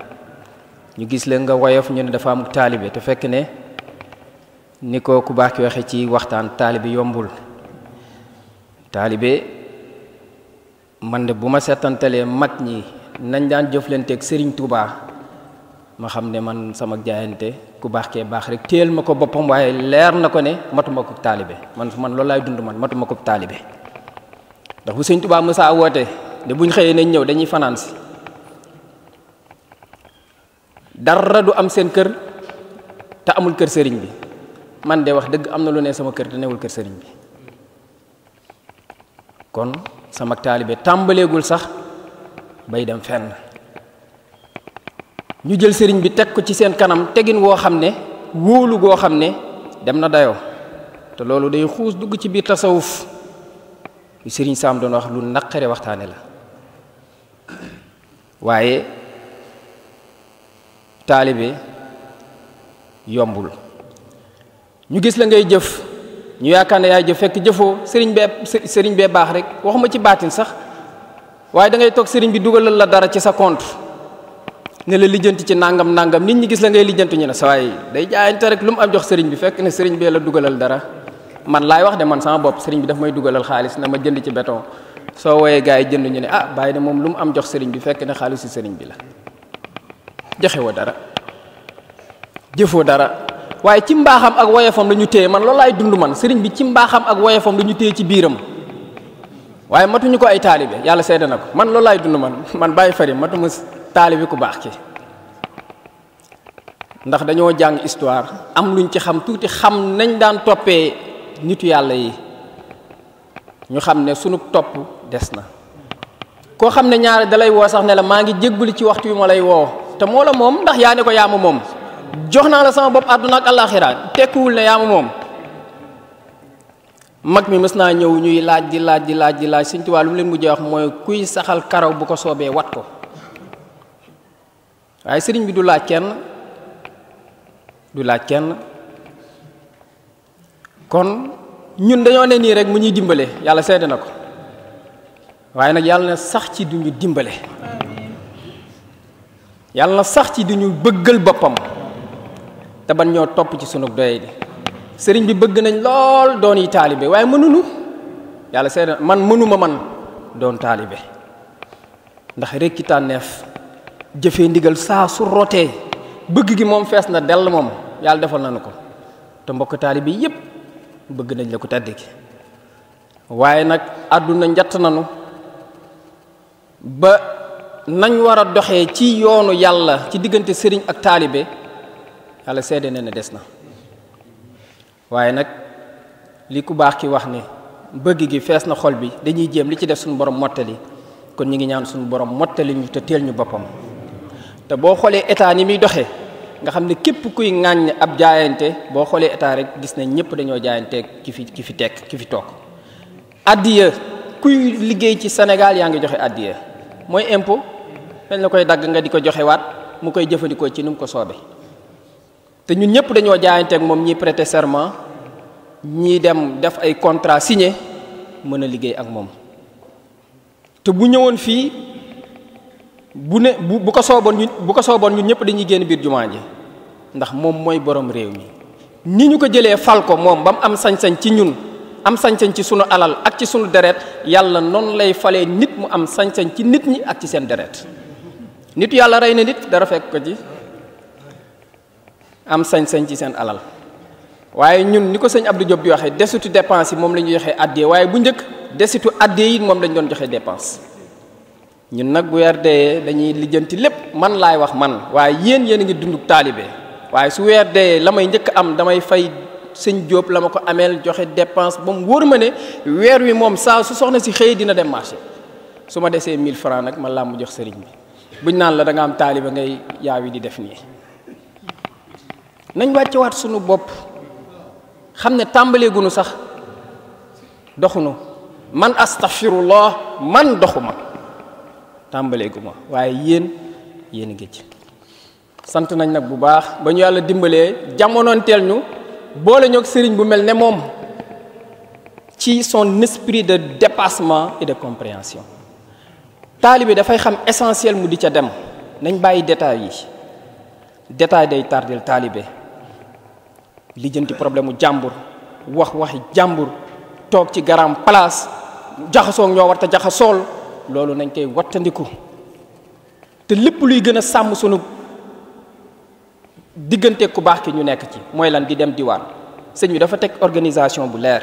ñu gis leen nga woyof ñu ne dafa amuk taalibe te fekk ne ni ko ku baax ki waxe ci waxtaan taalibe yombul taalibe man de bu ma seetantalee mag ñi nañ daan jëflanteeg sëriñ Touba ma xam ne man sama jaayante ku baax ke baax rek téel ma ko boppam waaye leer na ko ne matuma ko taalibe man man loolu laay dund man matuma ko taalibe ndax bu sëriñ Touba mësaa woote ne buñ xëyee nañ ñëw dañuy fanaan dara du am seen kër te amul kër sëriñ bi man de wax dëgg am na lu ne sama kër te kër sëriñ bi kon sama taalibe tàmbaleegul sax bay dem fenn ñu jël sëriñ bi teg ko ci seen kanam tegin woo xam ne wóolu goo xam ne dem na dayo te loolu day xuus dugg ci biir tasawuf lu sëriñ saam doon wax lu naqare waxtaane la waaye taalibe yombul ñu gis la ngay jëf ñu yaakaar ne yaay jëf fekk jëfoo sëriñ bee sëriñ bee baax rek waxuma ci baatin sax waaye da ngay toog sëriñ bi dugalal la dara ci sa compte ne la lijjanti ci nangam nangam nit ñu gis la ngay lijjanti ñu ne sa waay day jaayante rek lu mu am jox sëriñ bi fekk ne sëriñ bee la dugalal dara man laay wax de man sama bopp sëriñ bi daf may dugalal xaalis na ma jënd ci béton so woyee gaay jënd ñu ne ah bàyyi na lu mu am jox sëriñ bi fekk na xaalisu sëriñ bi la wo dara jëfo dara waye ci mbaxam ak woyofam lañu ñu man lolay laay dund man sëriñ bi ci mbaxam ak woyofam lañu ñu ci biiram waye matuñu ko ay talibé yalla seede man lolay laay dund man man bay fari matuma talibé ku bax ci ndax dañoo jàng histoire am luñ ci xam tuuti xam nañ daan toppee nitu yàlla yi ñu xam ne sunu topp des na koo xam ne ñaari dalay wo sax ne la ma ngi jégguli ci waxtu wi ma lay wo te mo la mom ndax yaa ko yaa ma moom jox la sama bop aduna ak alakhirah tekkuul ne yaa ma mag mi ñuy laaj di laaj di laaj di laaj señtu leen mujjé wax moy kuy saxal karaw bu ko sobé wat ko ay señ bi du laaj kenn du laaj kenn kon ñun dañoo ne ni rek mu ñuy dimbalé yalla sédé nako waaye nag yàlla na sax ci duñu dimbale yàlla na sax ci duñu bëggal boppam te ban ñoo topp ci sunu doye sëriñ bi bëgg nañ lool doon yi taalibe waaye mënuñu yàlla seede man mënuma man doon taalibe ndax rekki tànneef ndigal saa su rotee bëgg gi moom fees na dell moom yàlla defal nañu ko te mbokk taalibe yépp bëgg nañ la ko tedd gi waaye nag àdduna njatt nanu ba nañ war a doxee ci yoonu yàlla ci diggante sëriñ ak taalibe yàlla seede na des na waaye nag li ku baax ki wax ne bëgg gi fees na xol bi dañuy jéem li ci def suñu borom mottali kon ñu ngi ñaan suñu borom mottali ñu te teel ñu boppam te boo xoolee état ni muy doxee nga xam ne képp kuy ŋàññ ab jaayante boo xoolee état rek gis nañ ñëpp dañoo jaayanteeg ki fi ki fi tekk ki fi toog addiya kuy liggéey ci senegal yaa ngi joxe addiya mooy impôt dañ la koy dagg nga di ko joxewaat mu koy jëfandikoo ci nu mu ko soobee te ñun ñëpp dañoo jaayanteeg moom ñi prêter serment ñii dem def ay contrat signé mën a liggéey ak moom te bu ñëwoon fii bu ne bu bu ko sooboon ñun bu ko sooboon ñun ñëpp dañuy génn biir jumaa ji ndax moom mooy boroom réew mi ni ñu ko jëlee fal ko moom ba mu am sañ-sañ ci ñun am sañ suno ci sunu alal ak ci sunu deret yalla non lay falé nit mu am sañ ci nit ñi ak ci sen deret nit yalla ray na nit dara fekk ko ci am sañ-sañ ci sen alal waye ñun niko señ Abdou job di waxe desitu dépenses yi moom la ñuy joxee addee bu ñëk desitu addé yi mom dañ doon joxe dépenses ñun nak bu weer deyee dañuy lijeenti lepp man lay wax man waye yeen yeen a ngi dunduk talibé waye su weer deyee la am damay fay sëñ Diop lamako amel joxe dépense bam mu wóor ma ne wi moom saa su soxna ci xey dina dem marché suma ma 1000 francs nak ma lamb jox sëriñ bi buñ nan la da nga am taliba ngay yaawi di def ni nañ wàcce wat suñu bop xamné ne tàmbaleegunu sax doxunu man astaghfirullah man doxuma tàmbaleeguma waaye yéen yeen a ngi sant nañ nak bu baax bañu yalla dimbalé dimbalee jamonoonteel ñu boole ñoog sëriñ bu mel mom ci son esprit de dépassement et de compréhension da fay xam essentiel mu di ca dem nañ bàyyi détails yi détail day tardel talibé lijjanti problème mu jàmbur wax waxi jambour tok ci garam place jaxasoo ñoo war ta jaxasool nañ koy wattandiku te lepp luy gëna sam sunu digënté ku baax ki ñu nekk ci mooy lan di dem diwaan sëñ bi dafa teg organisation bu leer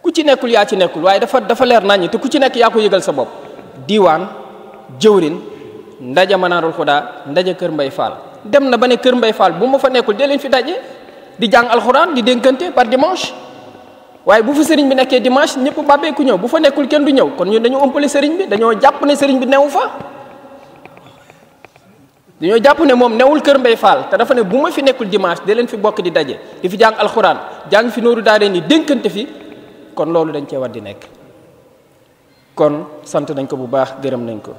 ku ci nekkul yaa ci nekkul waaye dafa dafa leer nañ te ku ci nekk yaa ko yëgal sa bopp diwaan jëwrin ndaja manarul xudaa ndaja kër mbay faal dem na ba ne kër mbay faal bu ma fa nekkul dee leen fi daje di jàng alxuraan di dénkante par dimanche waaye bu fa sëriñ bi nekkee dimanche ñëpp bàbbee ku ñëw bu fa nekkul kenn du ñëw kon ñu dañu ëmpale sëriñ bi dañoo jàpp ne sëriñ bi newu fa dañoo jàpp ne moom newul kër mbay faal te dafa ne bu ma fi nekkul dimanche da leen fi bokk di daje di fi jàng alxuraan jàng fi nooru daare ni dénkante fi kon loolu dañ cee war di nekk kon sant nañ ko bu baax gërëm nañ ko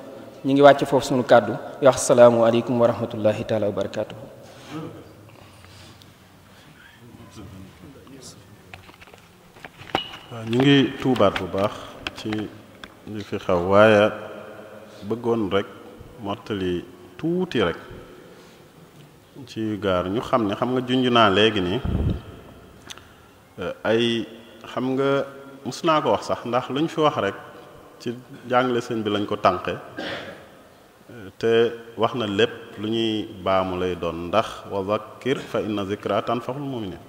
ñu ngi wàcc foofu sunu kàddu alaykum wa rahmatullahi taala wa ñu ngi tuubaat bu baax ci li fi xaw waaye bëggoon rek mottali tuuti rek ci gar ñu xam ne xam nga junj naa léegi ni eh, ay xam nga mus naa ko wax sax ndax lu ñu fi wax rek ci jàngale sëñ bi lañ ko tànqe eh, te wax na lépp lu ñuy baamu lay doon ndax wa zakkir fa inna zikra tanfa'ul mu'minin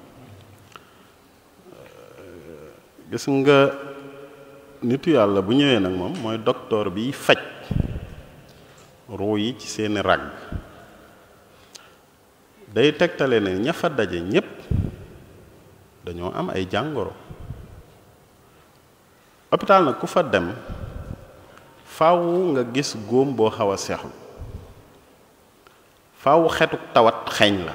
eh, gis nga nitu yàlla bu ñëwee nag moom mooy docteur bi faj ruu yi ci seeni ràgg day tegtale ne ña fa daje ñépp dañoo am ay jàngoro hôpital nag ku fa dem faw nga gis góom boo xaw a seexlu faaw xetuk tawat xeeñ la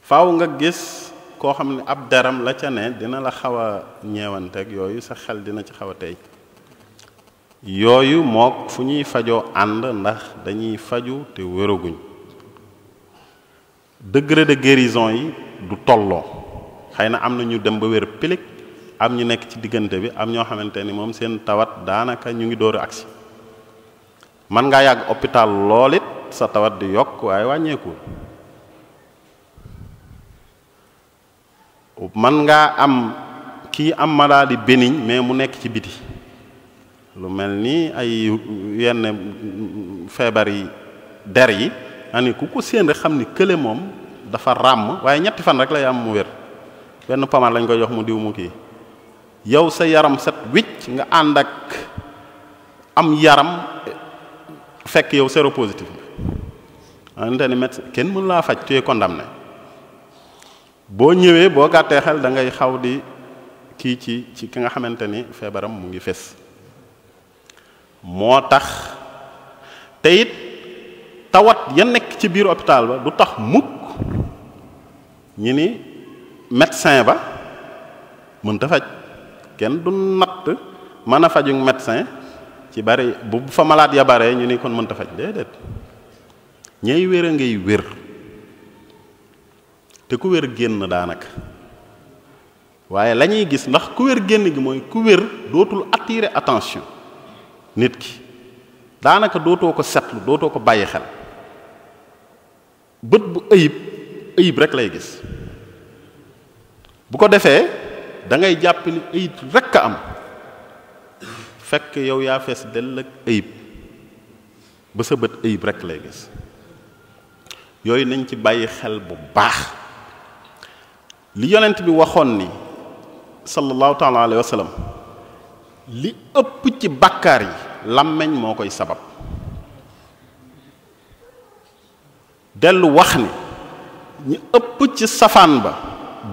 faw nga gis koo xam ne ab daram la ca ne dina la xaw a ñeewanteeg yooyu sa xel dina ci xaw a tey yooyu mook fu ñuy fajoo ànd ndax dañuy faju te wéraguñ degré de yi du tolloo xëy na am na ñu dem ba wér pilig am ñu nekk ci diggante bi am ñoo xamante ni moom seen tawat daanaka ñu ngi dooru agsi man ngaa yàgg hôpital lool it sa tawat di yokk waaye wàññeekuwul man ngaa am kii am maladie bénigne mais mu nekk ci biti lu mel ni ay yenn feebar yi der yi ani ku ko séen rek xam ni kële moom dafa ràmm waaye ñetti fan rek lay am mu wér benn lañ koy jox mu diw mu yow sa yaram set wicc nga andak, am yaram fekk yow séropositif nga ante ni médecin ken mënu laa faj tu es condamné boo ñëwee boo gàttee xel da ngay xaw di ki ci ci ki nga xamante mu ngi motax tax te tawat ya nek ci biir hôpital ba du tax mukk ñi ni médecin ba mën ta faj kenn du natt mën a fajug médecin ci bari bu fa malade ya bare ñu ni kon mën ta faj déedéet ñay wér a ngay wér te ku wér génn daanaka waaye la ñuy gis ndax ku wér génn gi mooy ku wér dootul attirer attention nit ki daanaka dootoo ko setlu dootoo ko bàyyi xel bët bu ayib ayib rekk lay gis bu ko defee da ngay jàpp ni ayib rek a am fekk yow yaa fees dell ak ayib ba sa bët ayib rekk lay gis yooyu nañ ci bàyyi xel bu baax li yonent bi waxoon ni sallallahu taala alayhi wa sallam li ëpp ci bàkkaar yi làmmiñ moo koy sabab dellu wax ni ñu ëpp ci safaan ba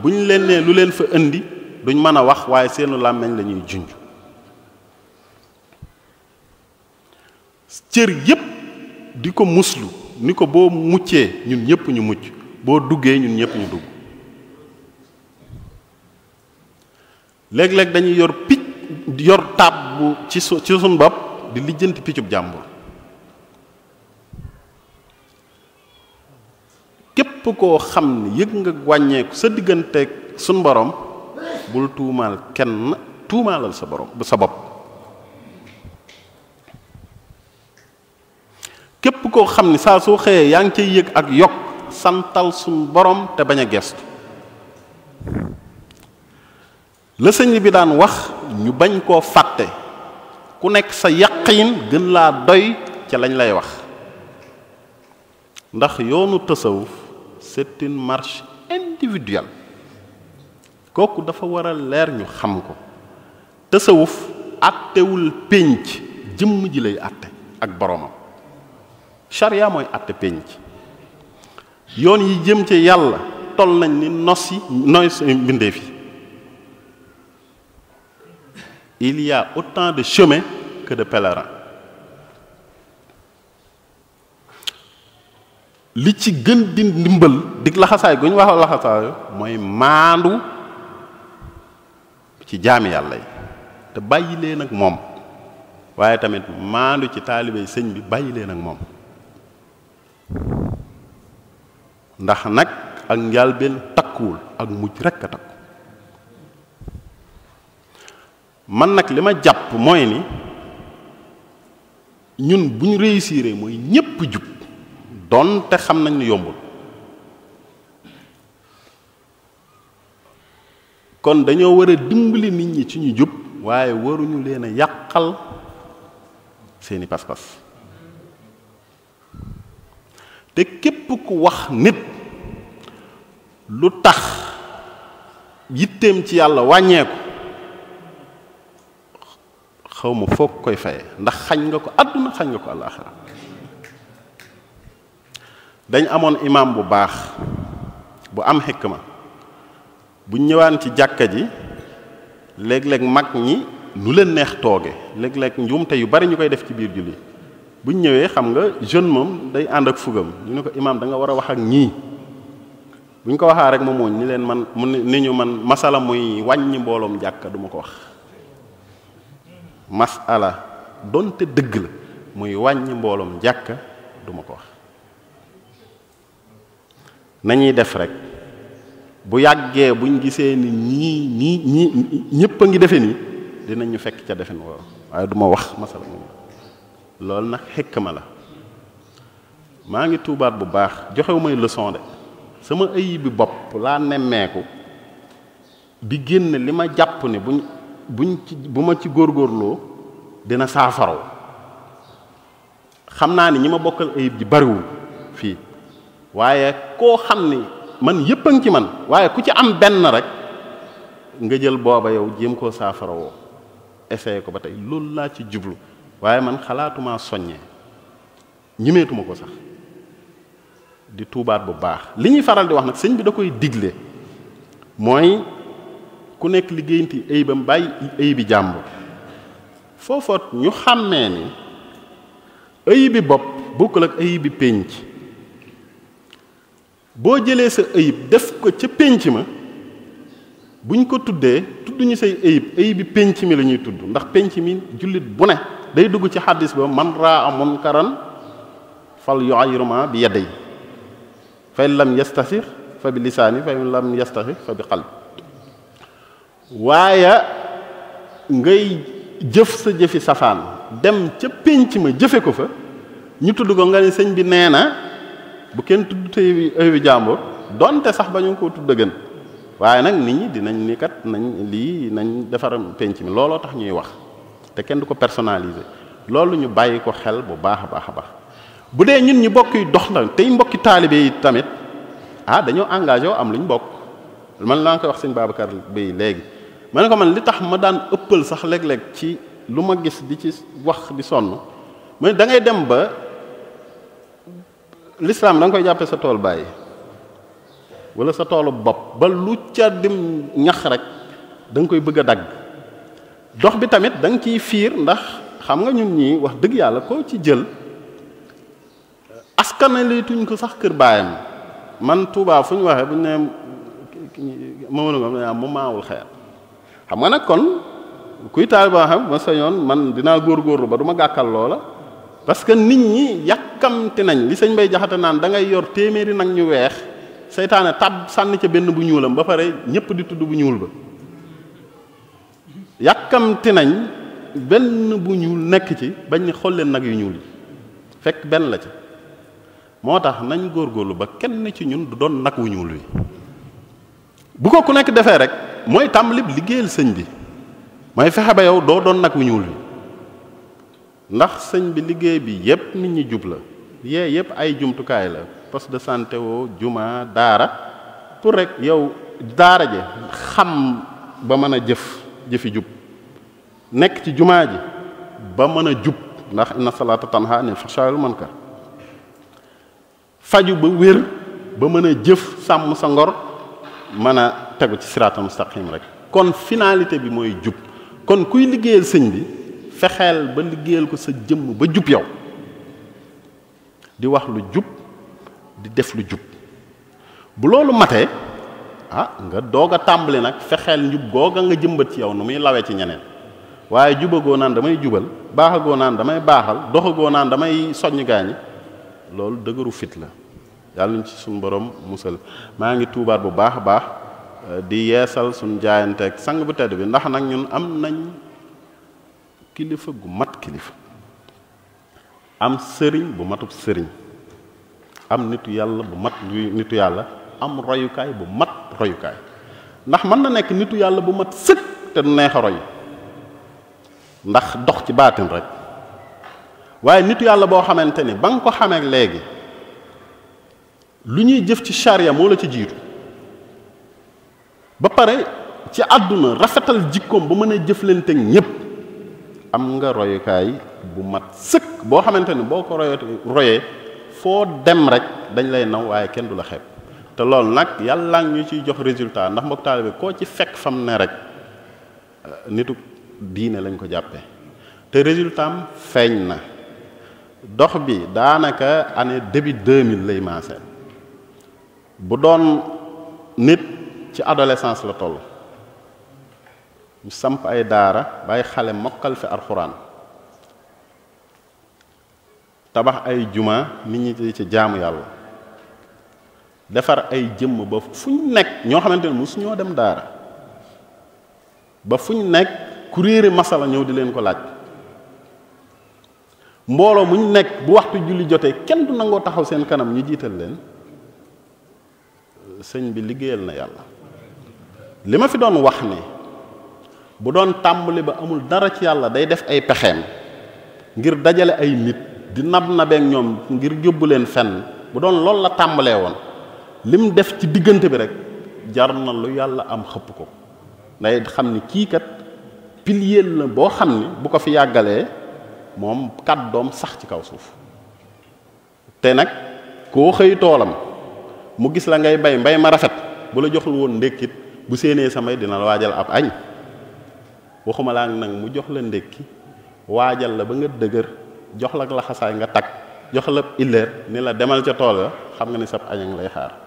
bu ñu leen nee lu leen fa indi duñ mën a wax waaye seenu làmmiñ lañuy junj cër yépp di ko muslu ni ko boo muccee ñun ñëpp ñu mucc boo duggee ñun ñëpp ñu dugg léeg-léeg dañuy yor picc yor taab bu ci su bopp di lijjanti piccub jàmbur képp koo xam ni yëg nga wàññeeku sa digganteeg suñ borom bul tuumaal kenn tuumaalal sa borom sa bopp képp koo xam ni saa soo xëyee yaa ngi cay yëg ak yokk santal suñ borom te bañ a gestu la bi daan wax ñu bañ koo fàtte ku nekk sa yaqiin gën laa doy ci lañ lay wax ndax yoonu tasawuf c'est une marche individuelle kooku dafa war a leer ñu xam ko tasawuf àttewul pénc jëmm ji lay àtte ak boromam charia mooy àtte pénc yoon yi jëm ci yàlla toll nañ ni nos yi nooy mbindeef yi il y a autant de chemins que de pèlerins li ci gën di ndimbal dig laxasaay gu ñu wax laxasaayu moy mandu ci jami yalla yi te bàyyi leen ak moom waaye tamit mandu ci talibé señ bi bàyyi leen ak ndax nak ak takul ak mujj rek man nag li ma jàpp mooy ni ñun bu ñu réussiree mooy ñépp jub doonte xam nañ ne yombul kon dañoo war a dimbali nit ñi ci ñu jub waaye waruñu leen a yàqal seeni pas-pas te képp ku wax nit lu tax yitteem ci yàlla wàññeeku xaw ma foo koy faye ndax xañ nga ko àdduna xañ nga ko àllaaxira dañ amoon imaam bu baax bu am xikma buñ ñëwaan ci jàkka ji léeg-léeg mag ñi nu leen neex tooge léeg-léeg njuumte yu bari ñu koy def ci biir julli buñ ñëwee xam nga jeune moom day ànd ak fugam ñu ne ko imaam da nga war a wax ak ñii buñ ko waxaa rek ma mooñ ni leen man mu ni ñu man masala muy wàññi mbooloom jàkka duma ko wax masala donte dëgg la muy wàññi mbooloom jàkka duma ko wax nañuy def rek bu yàggee buñ gisee ni ñii ñii ñii ñëpp a ngi defe nii dinañ ñu fekk ca defen woo waaye duma wax masala moom loolu nag xekk ma la maa ngi tuubaat bu baax joxew may leçon de sama ayi bi bopp laa nemmeeku bi génn li ma jàpp ne buñ buñ bu ma ci góor góorgóorloo dina saafaraw xam naa ni ñi ma bokkal ayib ji bariwul fii waaye koo xam ni man yëpp a ngi ci man waaye ku ci am benn rek nga jël booba yow jéem koo saafara woo essayé ko ba tey loolu laa ci jublu waaye man xalaatuma soññee ñimeetuma ko sax di tuubaat bu baax li ñuy faral di wax nag sëñ bi da koy digle mooy ku nekk liggéeyanti ayibam bàyyi ayibi jàmbur foofoot ñu xàmmee ni ayibi bopp bokkul ak ayibi pénc boo jëlee sa ayib def ko ca pénc ma buñ ko tuddee tudduñu say ayib ayibi pénc mi la ñuy tudd ndax pénc mi jullit bu ne day dugg ci xaddis ba man raa a munkaran fal yu'ayyiruma bi yadayhi fa in lam yastasir fa bi lisaani fa in lam yastasir fa bi qalbi waaye ngay jëf sa jëfi safaan dem ca pénc ma jëfe ko fa ñu tudd ko nga ne sëñ bi nee na bu kenn tudd tey aywi jàmbur donte sax ba ñu ko tudd gën waaye nag nit ñi dinañ ni kat nañ lii nañ defar pénc mi looloo tax ñuy wax te kenn du ko personnaliser loolu ñu bàyyi ko xel bu baax a baax a baax bu dee ñun ñu bokk yi dox na tey mbokki taalibe yi tamit ah dañoo engagé am lu ñu bokk man laa koy wax sëñ Babacar Bèye léegi. mané ko man li tax ma daan ëppal sax léeg-léeg ci lu ma gis di ci wax di sonn mané da ngay dem ba l'islam da koy jàppee sa tool bàyyi wala sa toolu bopp ba lu ca dim ñax rek da nga koy bëgg a dagg dox bi tamit da nga ciy fiir ndax xam nga ñun ñii wax dëgg yàlla ko ci jël askana lituñ ko sax kër man Touba fu ñu waxee bu ñu nee ma ah, maawul xeer xam nga nag kon kuy taaliba xam ma sañoon man dinaa góorgóorlu ba duma gàkkal loola parce que nit ñi yàkkamti nañ li sëñ bay jaxate naan da ngay yor téeméeri nag ñu weex seytaane tab sànni ca benn bu ñuulam ba pare ñëpp di tudd bu ñuul ba yàkkamti nañ benn bu ñuul nekk ci bañ ni xool leen nag yu ñuul yi fekk benn la ci moo tax nañ góorgóorlu ba kenn ci ñun du doon nag wu ñuul wi bu ko ku nekk defee rek mooy tàmbali liggéeyal sëñ bi mooy fexe ba yow doo doon nag wu ñuul wi ndax sëñ bi liggéey bi yépp nit ñi jub la yee yépp ay jumtukaay la poste de santé woo jumaa daara pour rek yow daara ji xam ba mën a jëf jëfi jub nekk ci jumaa ji ba mën a jub ndax inna salaata tanha anil fahshaa'il faju ba wér ba mën a jëf sàmm sa ngor mën a tegu ci siraatal mustaqim rek kon finalité bi mooy jub kon kuy liggéeyal sëñ bi fexeel ba liggéeyal ko sa jëmm ba jub yow di wax lu jub di def lu jub bu loolu matee a ah, nga doog a tàmbali nag fexeel njub googa nga jëmbat ci yow nu muy lawe ci ñeneen waaye jubagoo naan damay jubal baaxagoo naan damay baaxal doxagoo naan damay soññ gaañi loolu dëgëru fit la yalla nañ ci sun borom musal ma ngi tuubaat bu baax baax eh, di yeesal jaayante ak sang bu tedd bi ndax nak ñun am nañ kilifa gu mat kilifa am sëriñ bu matub sëriñ am nitu yalla bu mat nitu yalla am royukaay bu mat royukaay ndax man na nek nitu yalla bu mat sëkk te du neex a roy ndax dox ci batin rek waye nitu yalla bo xamanteni bang ko xamee legi lu ñuy jëf ci charia moo la ci jiitu ba pare ci àdduna rafetal jikkoom ba mën a jëflanteeg ñépp am nga royukaay bu mat sëkk boo xamante ni boo ko royee royee foo dem rek dañ lay naw waaye kenn du la xeeb te loolu nag yàlla ñu ciy jox résultat ndax mbokk taalibe koo ci fekk fam ne rek euh, nitu diine lañ ko jàppee te résultat feeñ na dox bi daanaka année début 2000 lay maaseel bu doon nit ci adolescence la toll mu samp ay daara bàyyi xale mokkal fi alquran tabax ay juma nit ñi ci jaamu yàlla defar ay jëmm ba fuñ nekk ñoo xamante ne mosu ñoo dem daara ba fuñ nekk ku masala ñëw di leen ko laaj mbooloo muñ nekk bu waxtu julli jotee kenn du nangoo taxaw seen kanam ñu jiital leen sëñ bi liggéeyal na yàlla li ma fi doon wax ne bu doon tàmbali ba amul dara ci yàlla day def ay pexeem ngir dajale ay nit di nab nabeek ñoom ngir yóbbu leen fenn bu doon loolu la tàmbalee woon li mu def ci diggante bi rek jar na lu yàlla am xëpp ko nday xam ni kii kat pilier la boo xam ni bu ko fi yàggalee moom kàddoom sax ci kaw suuf te nag koo xëy toolam mu gis la ngay bay mbay ma rafet bu la joxul woon ndékkit bu séenee samay dina la waajal ab añ waxuma laa nag mu jox la ndékki waajal la ba nga dëgër jox la laxasaay nga takk jox la illeer ni la demal ca tool ya xam nga ni sab añang lay xaar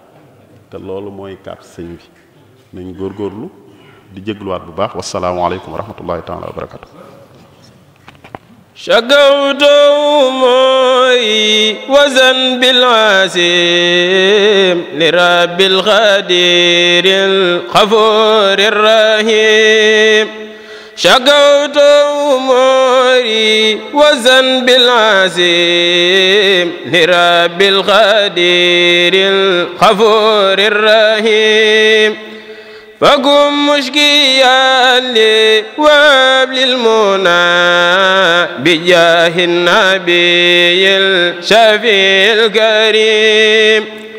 te loolu mooy kàpp sëñ bi nañ góorgóorlu di jégluwaat bu baax wasalaamualeykum wa rahmatullahi taala wa barakatu شكوت أمي وزن بالعاسم لرب الغدير الخفور الرحيم شكوت أمي وزن بالعاسم لرب الغدير الخفور الرحيم وقم مشقيا لي وابل المنى بجاه النبي الشفيع الكريم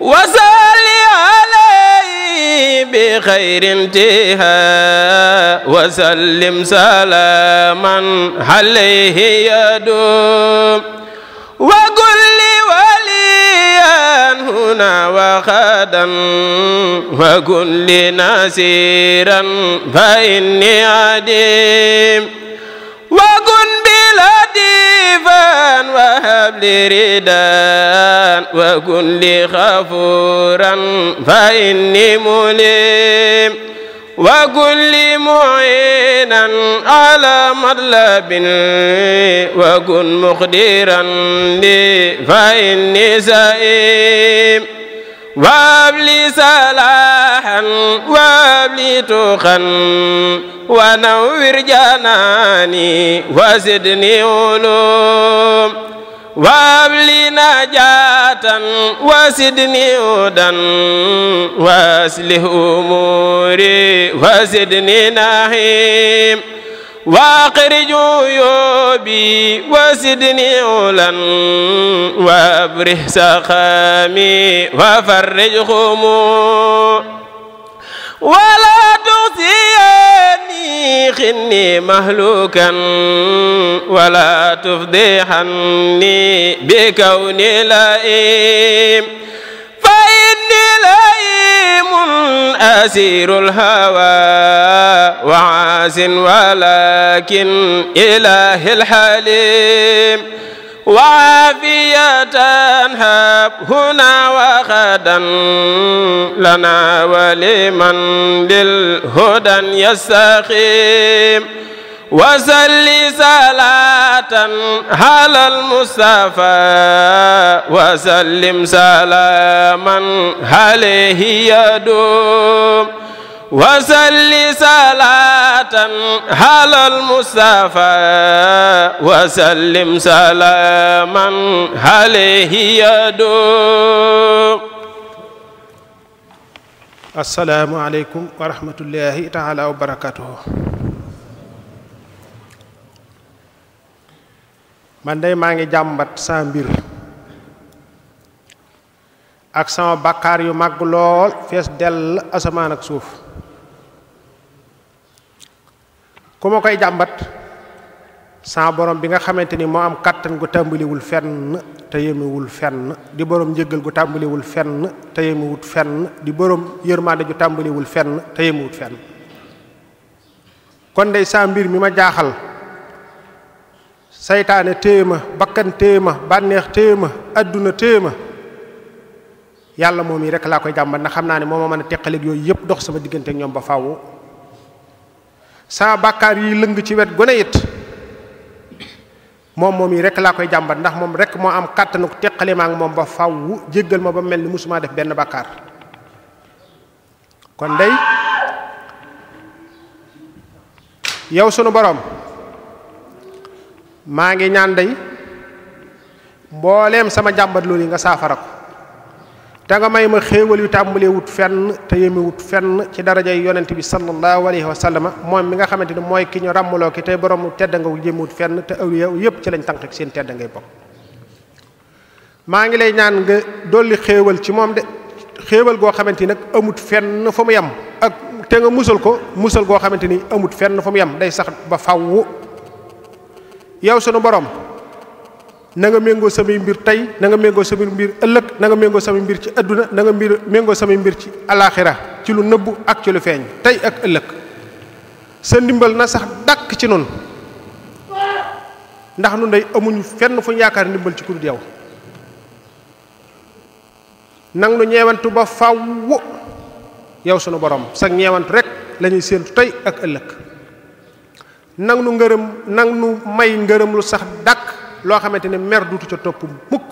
وصلي عليه بخير انتهى وسلم سلاما عليه يدوم وقل هنا وغدا وكن لي نسيرا فإني عديم وكن فان وهب لي ردا وكن لي غفورا فإني مليم وكل معينا على مطلب وكن مقديرا لي فإني سائم وابلي صلاحا وابلي تخا ونور جناني وزدني علوم وابلي نجاة وسدني هدى واسله أموري وسدني نعيم واخرج يوبي وسدني أولا وابره سخامي وفرج خمور ولا تزيني خني مهلوكا ولا تفضحني بكوني لئيم فإني لئيم أسير الهوى وعاز ولكن إله الحليم وعافية هب هنا وغدا لنا ولمن للهدى يستقيم وسل صلاة على المصطفى وسلم سلاما عليه يدوم وسل صلاة على المصطفى وسلم سلاما عليه يدوم السلام عليكم الله تعالى وبركاته man day ma ngi jambat sa mbir ak sama bakar yu mag lol fess del asaman ak suuf ku ma koy jàmbat sa borom bi nga xamante ni moo am kàttan gu tàmbaliwul fenn te yemewul fenn di borom njëggal gu tàmbaliwul fenn te yemewut fenn di borom yërmande ju tàmbaliwul fenn te yemewut fenn kon day saa mbir mi ma jaaxal saytaane téema bakkan téema bànneex téema adduna téema yàlla moom yi rek laa koy jàmbat na xam naa ne moo ma mën a teqaleeg yooyu dox sama diggante ak ba sa bakar yi leung ci wet gone yit mom momi rek la koy jàmbat ndax mom rek mo am katanu tekkale mak mom ba faw jéggal ma ba melni musuma def ben bakar kon day yow sunu borom ma ngi ñaan day mbollem sama jàmbat loolu yi nga safara ko te nga may ma xéewal yu tàmbalee wut fenn te yemewut fenn ci darajay yonent bi sallallahu alayhi wa sallam moom mi nga xamante ni mooy ki ñu ràmmaloo ki tey borom tedd nga yemewut fenn te awliya yëpp ci lañ tànq ak ngay bokk. ngi lay ñaan nga dolli xéewal ci moom de xéewal goo xamante ni amut fenn fa mu yem ak te nga musal ko musal goo xamante ni amut fenn fa mu yem day sax ba faw yow sunu borom. na nga mengo sama mbir tay na nga mengo sama mbir ëllëg na nga mengo sama mbir ci aduna na nga mbir mengo sama mbir ci alakhirah ci lu neub ak ci lu feñ tay ak ëllëg sa ndimbal na sax dak ci nun ndax nu day amuñu fenn fu yaakaar ndimbal ci kudul yow nang nu ñewantu ba faw yow sunu borom sa ñewant rek lañuy séentu tay ak ëllëg nang nu ngërëm nang nu may ngërëm lu sax dak. loo xamante ne mer dutu ca topp mukk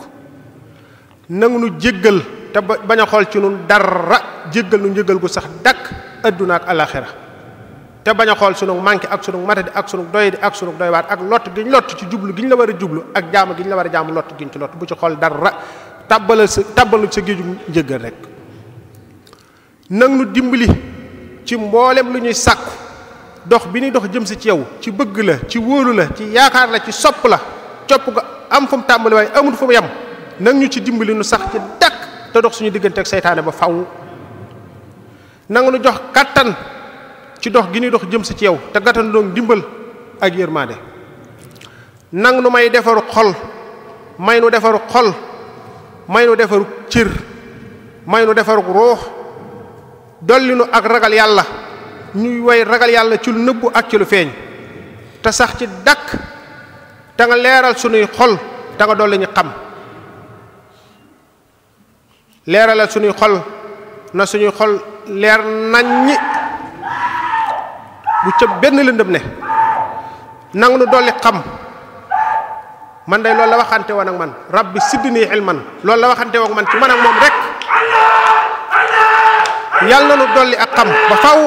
nangu nu jéggal te bañ a xool ci nun dara jéggal nu njëgal gu sax dakk adduna ak alaxira te bañ xool sunu manqué ak sunu matadi ak doy doyadi ak sunu doywaat ak lott giñ lott ci jublu giñ la war a jublu ak jaamu giñ la war a jaamu lott giñ ci lott bu ci xool dara tàbbalal sa tàbbalul sa géeju njëgal rek nang nu dimbali ci mbooleem lu ñuy sàkku dox bi ñuy dox jëm si ci yow ci bëgg la ci wóolu la ci yaakaar la ci sopp la copp ga am fum tambali way fom amul nang yam nak ñu ci dimbali ñu sax ci dakk ta dox suñu digënté ak seytaane ba faaw nang nu jox katan ci dox gi ni dox jëm ci yow ta gatan do dimbal ak nang nu may defaru xol may nu defaru xol may nu defaru ciir may nu defaru roh dolli nu ak ragal yalla ñuy way ragal yalla ci lu neub ak ci lu feñ ta sax ci dak te nga leeral sunuy xol te nga dolli ñu xam leral sunuy xol na suñuy xol leer nañ bu ci benn ne nang nu dolli xam man day loolu la waxante won ak man rabbi sidni ilman loolu la waxante ak man ci man ak mom rek yalla nu dolli ak xam ba faaw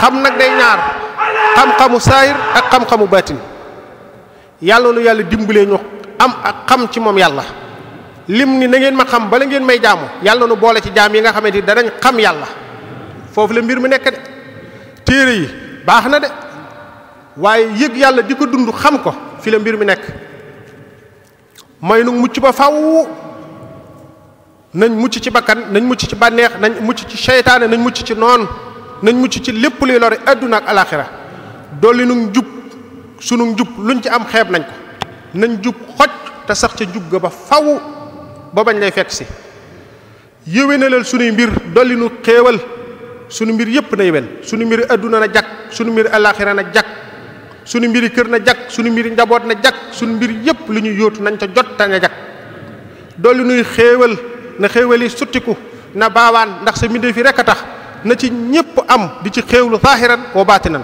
xam nak day ñaar xam-xamu sair ak xam-xamu batin yàlla nu yàlla dimbalee ñu am ak xam ci moom yàlla lim ni na ngeen ma xam bala ngeen may jaamu yàlla nu boole ci jaam yi nga xamante ni danañ xam yàlla foofu la mbir mi nekk de téere yi baax na de waaye yëg yàlla di ko dund xam ko fi la mbir mi nekk may nu mucc ba faw nañ mucc ci bakkan nañ mucc ci bànneex nañ mucc ci seytaane nañ mucc ci noon nañ mucc ci lépp luy lore àdduna ak alaxira dolli nu sunu njub luñ ci am xeeb nañ ko nañ jub xoj te sax ca jub ga ba faw ba bañ lay fekk si yéwénalal sunuy mbir dolli nu xéewal sunu mbir yëpp na yéwén sunu mbir àdduna na jàkk sunu mbiri alaxira na jàkk sunu mbir kër na jàkk sunu mbir njaboot na jàkk sunu mbir yëpp lu ñuy yóotu nañ ca jot te na jàkk dolli nuy xéewal na xéewal yi suttiku na baawaan ndax sa mbindee fi rekk a tax na ci ñëpp am di ci xéewlu zaahiran wa baatinan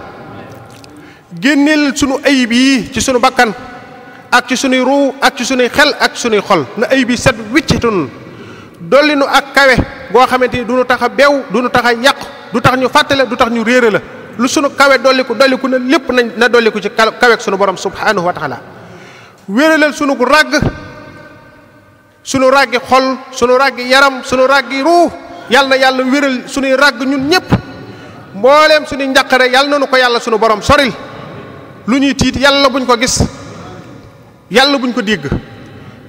génneel sunu ayib yi ci sunu bakkan ak ci sunu ruu ak ci sunu xel ak sunu xol na ayib set wiccitun dolli nu ak kawe goo xamante ni du nu tax a beew du nu tax a yàq du tax ñu fàttale du tax ñu réere la lu sunu kawe dolliku dolliku na lépp na na dolliku ci kawe sunu borom subhanahu wa taala wéralal sunu rag, sunu ragi xol sunu ragi yaram sunu ragi ru. yàlla na yàlla wéral rag ràgg ñun ñëpp mbooleem sunuy njàqare yàlla nanu ko yàlla sunu borom soril lu ñuy tiit yàlla buñ ko gis yàlla buñ ko dégg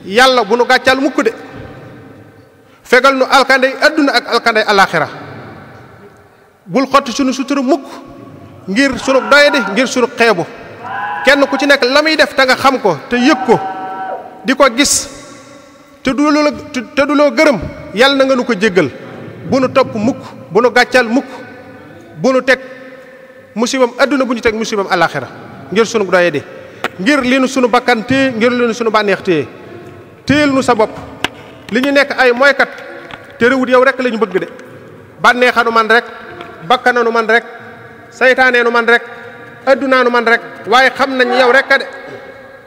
yàlla bu nu gàccaal mukk de fegal nu alkanday adduna ak alkande alaxira bul xotti sunu sutura mukk ngir sunu doyadi ngir sunu xeebu kenn ku ci nekk la muy def te nga xam ko te yëg ko di ko gis te du loo te du loo gërëm yàlla na nga nu ko jéggal bu nu topp mukk bu nu gàccaal mukk bu nu teg musibam adduna bu ñu teg musibam alaxira ngir sunu doye di ngir li nu sunu bakkan téye ngir li nu sunu bànneex téye téyel nu sa bopp li ñu nekk ay moykat te réwut yow rek lañu ñu bëgg de bànneexanu man rek bakkananu man rek nu man rek nu man rek waaye xam nañ yow rek de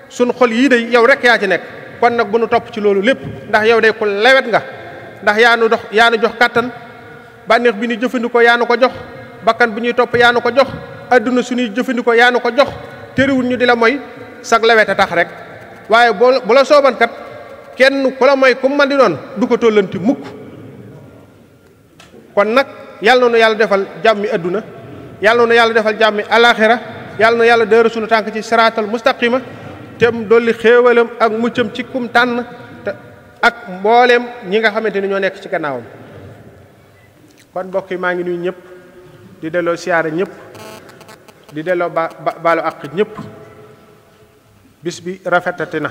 sunu xol yii de yow rek yaa ci nekk kon nag bu nu topp ci loolu lépp ndax yow de ku lewet nga ndax yaa nu dox yaa nu jox kàttan bànneex bi ñu jëfandikoo yaa nu ko jox bakkan bu ñuy topp yaa ko jox adduna suñuy jëfandikoo yaa nu ko jox tëriwul ñu di la mooy sag laweta tax rek waaye boo bu la sooban kenn ku la mooy ku man di doon du ko tollanti mukk kon nag yàlla noonu yàlla defal jàmmi adduna yàlla noonu yàlla defal jàmmi alaxira yàlla na yàlla dëra sunu tànk ci saraatal siraatal mustaqima tem dolli xéewalam ak muccam ci kum tànn te ak mbooleem ñi nga xamante ni ñoo nekk ci gannaawam kon mbokk yi maa ngi nuyu ñëpp di delloo siyaare ñëpp di delloo ba baalu àq ñëpp bis bi rafetati na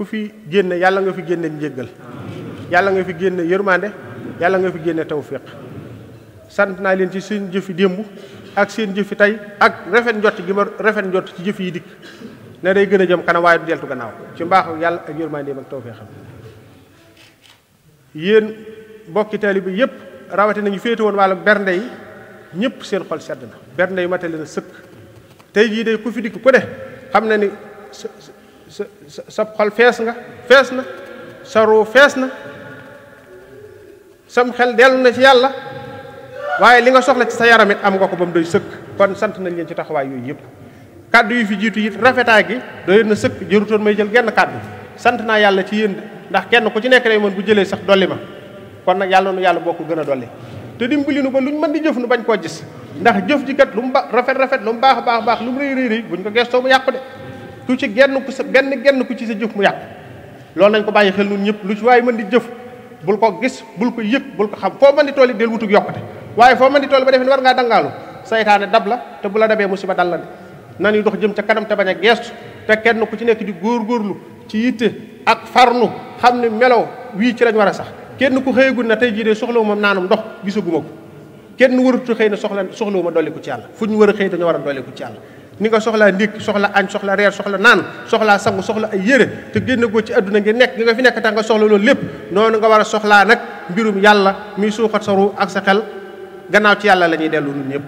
ku fi génne yàlla nga fi génne njéggal yàlla nga fi génne yërmande yàlla nga fi génne tawfiq sant naa leen ci seen jëfi démb ak seen jëfi tey ak rafet njott gi ma rafet njot ci jëf yi dikk ne day gën a jëm kanam waaye du deltu gannaaw ci mbaaxu yàlla ak yërmandeem ak tawfiqam yéen mbokki taalibe bi yëpp rawati nañu féete woon wàllu bernde yi ñëpp seen xol sedd na bernde yu matale na sëkk tey jii de ku fi dikk ku ne xam na ni sa sa sa xol fees nga fees na sa ruu fees na sam xel dellu na ci yàlla waaye li nga soxla ci sa yaram it am nga ko ba mu doy sëkk kon sant nañ leen ci taxawaay yooyu yëpp kàddu yi fi jiitu it rafetaay gi doy na sëkk jërutoon may jël genn kàddu sant naa yàlla ci yéen ndax kenn ku ci nekk day mën bu jëlee sax dolli ma kon nag yàlla nu yàlla boo ko gën a dolli te dimbali nu ba luñ man di jëf nu bañ ko gis ndax jëf ji kat lu rafet rafet lu mu baax baax baax lu mu rëy buñ ko gesto mu yaq de tu ci genn ku genn genn ku ci sa jëf mu yaq lool nañ ko bayyi xel nu ñëpp lu ci way man di jëf bul ko gis bul ko bulko bul ko xam fo man di tool del wutug yokkute waaye fo man di tool ba ni war nga dangalu saytane dab la te bu la musiba dal la nan yu dox jëm ca kanam te baña gesto te kenn ku ci nekk di gorlu ci yitte ak farnu xamni melaw wi ci lañ wara sax kenn ku xëyagul na tay jii de mom naanum ndox gisaguma ko kenn warut xëy na soxla soxlawuma dolliku ci yàlla fu ñu war a xëy dañoo war a dolliku ci yalla ni nga soxla ndik soxla añ soxla reer soxla nan soxla sang soxla ay yere te génn go ci aduna ngi nek nga fi nek tax nga soxla lol lepp noonu nga wara soxla nak mbirum yalla mi suuxat sa ak sa xel gannaaw ci yalla lañuy delu ñepp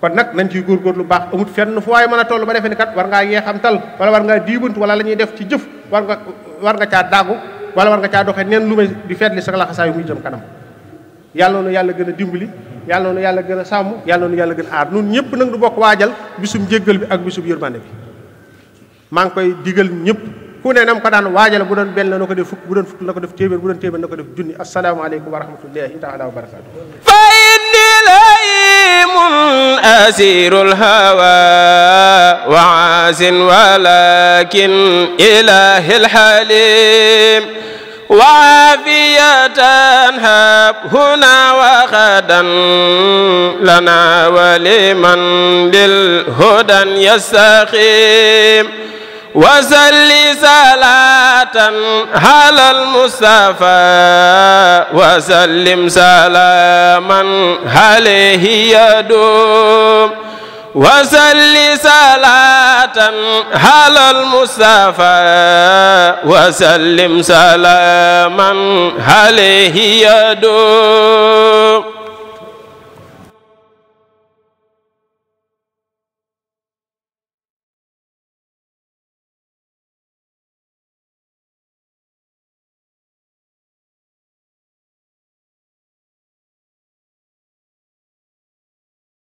kon nak nañ gor gor lu bax amut fenn fu way mëna tollu ba ni kat war ngaa tal wala war nga dibunt wala lañuy def ci jëf war nga war nga ca dagu wala war nga caa doxee neen lu may di feetli sa laxasaay muy jëm kanam yàlla noonu yàlla gën a dimbali yàlla noonu yàlla gën a sàmm yàlla noonu yàlla gën a aar nun ñëpp nag du bokk waajal bisum njéggal bi ak bisum yërmande bi maa ngi koy digal ñëpp ku ne nam ko daan waajale bu doon benn la na ko def fukk bu doon fukk na ko def téeméer bu doon téeméer na ko def junni asalaamaaleykum wa rahmatullahi taala wa barakatu أسير الهوى وعاز ولكن إله الحليم وعافية هب هنا وغدا لنا ولمن بالهدى يستقيم وسل صلاة على المصطفى وسلم سلاما عليه يدوم وسل صلاة على المصطفى وسلم سلاما عليه يدوم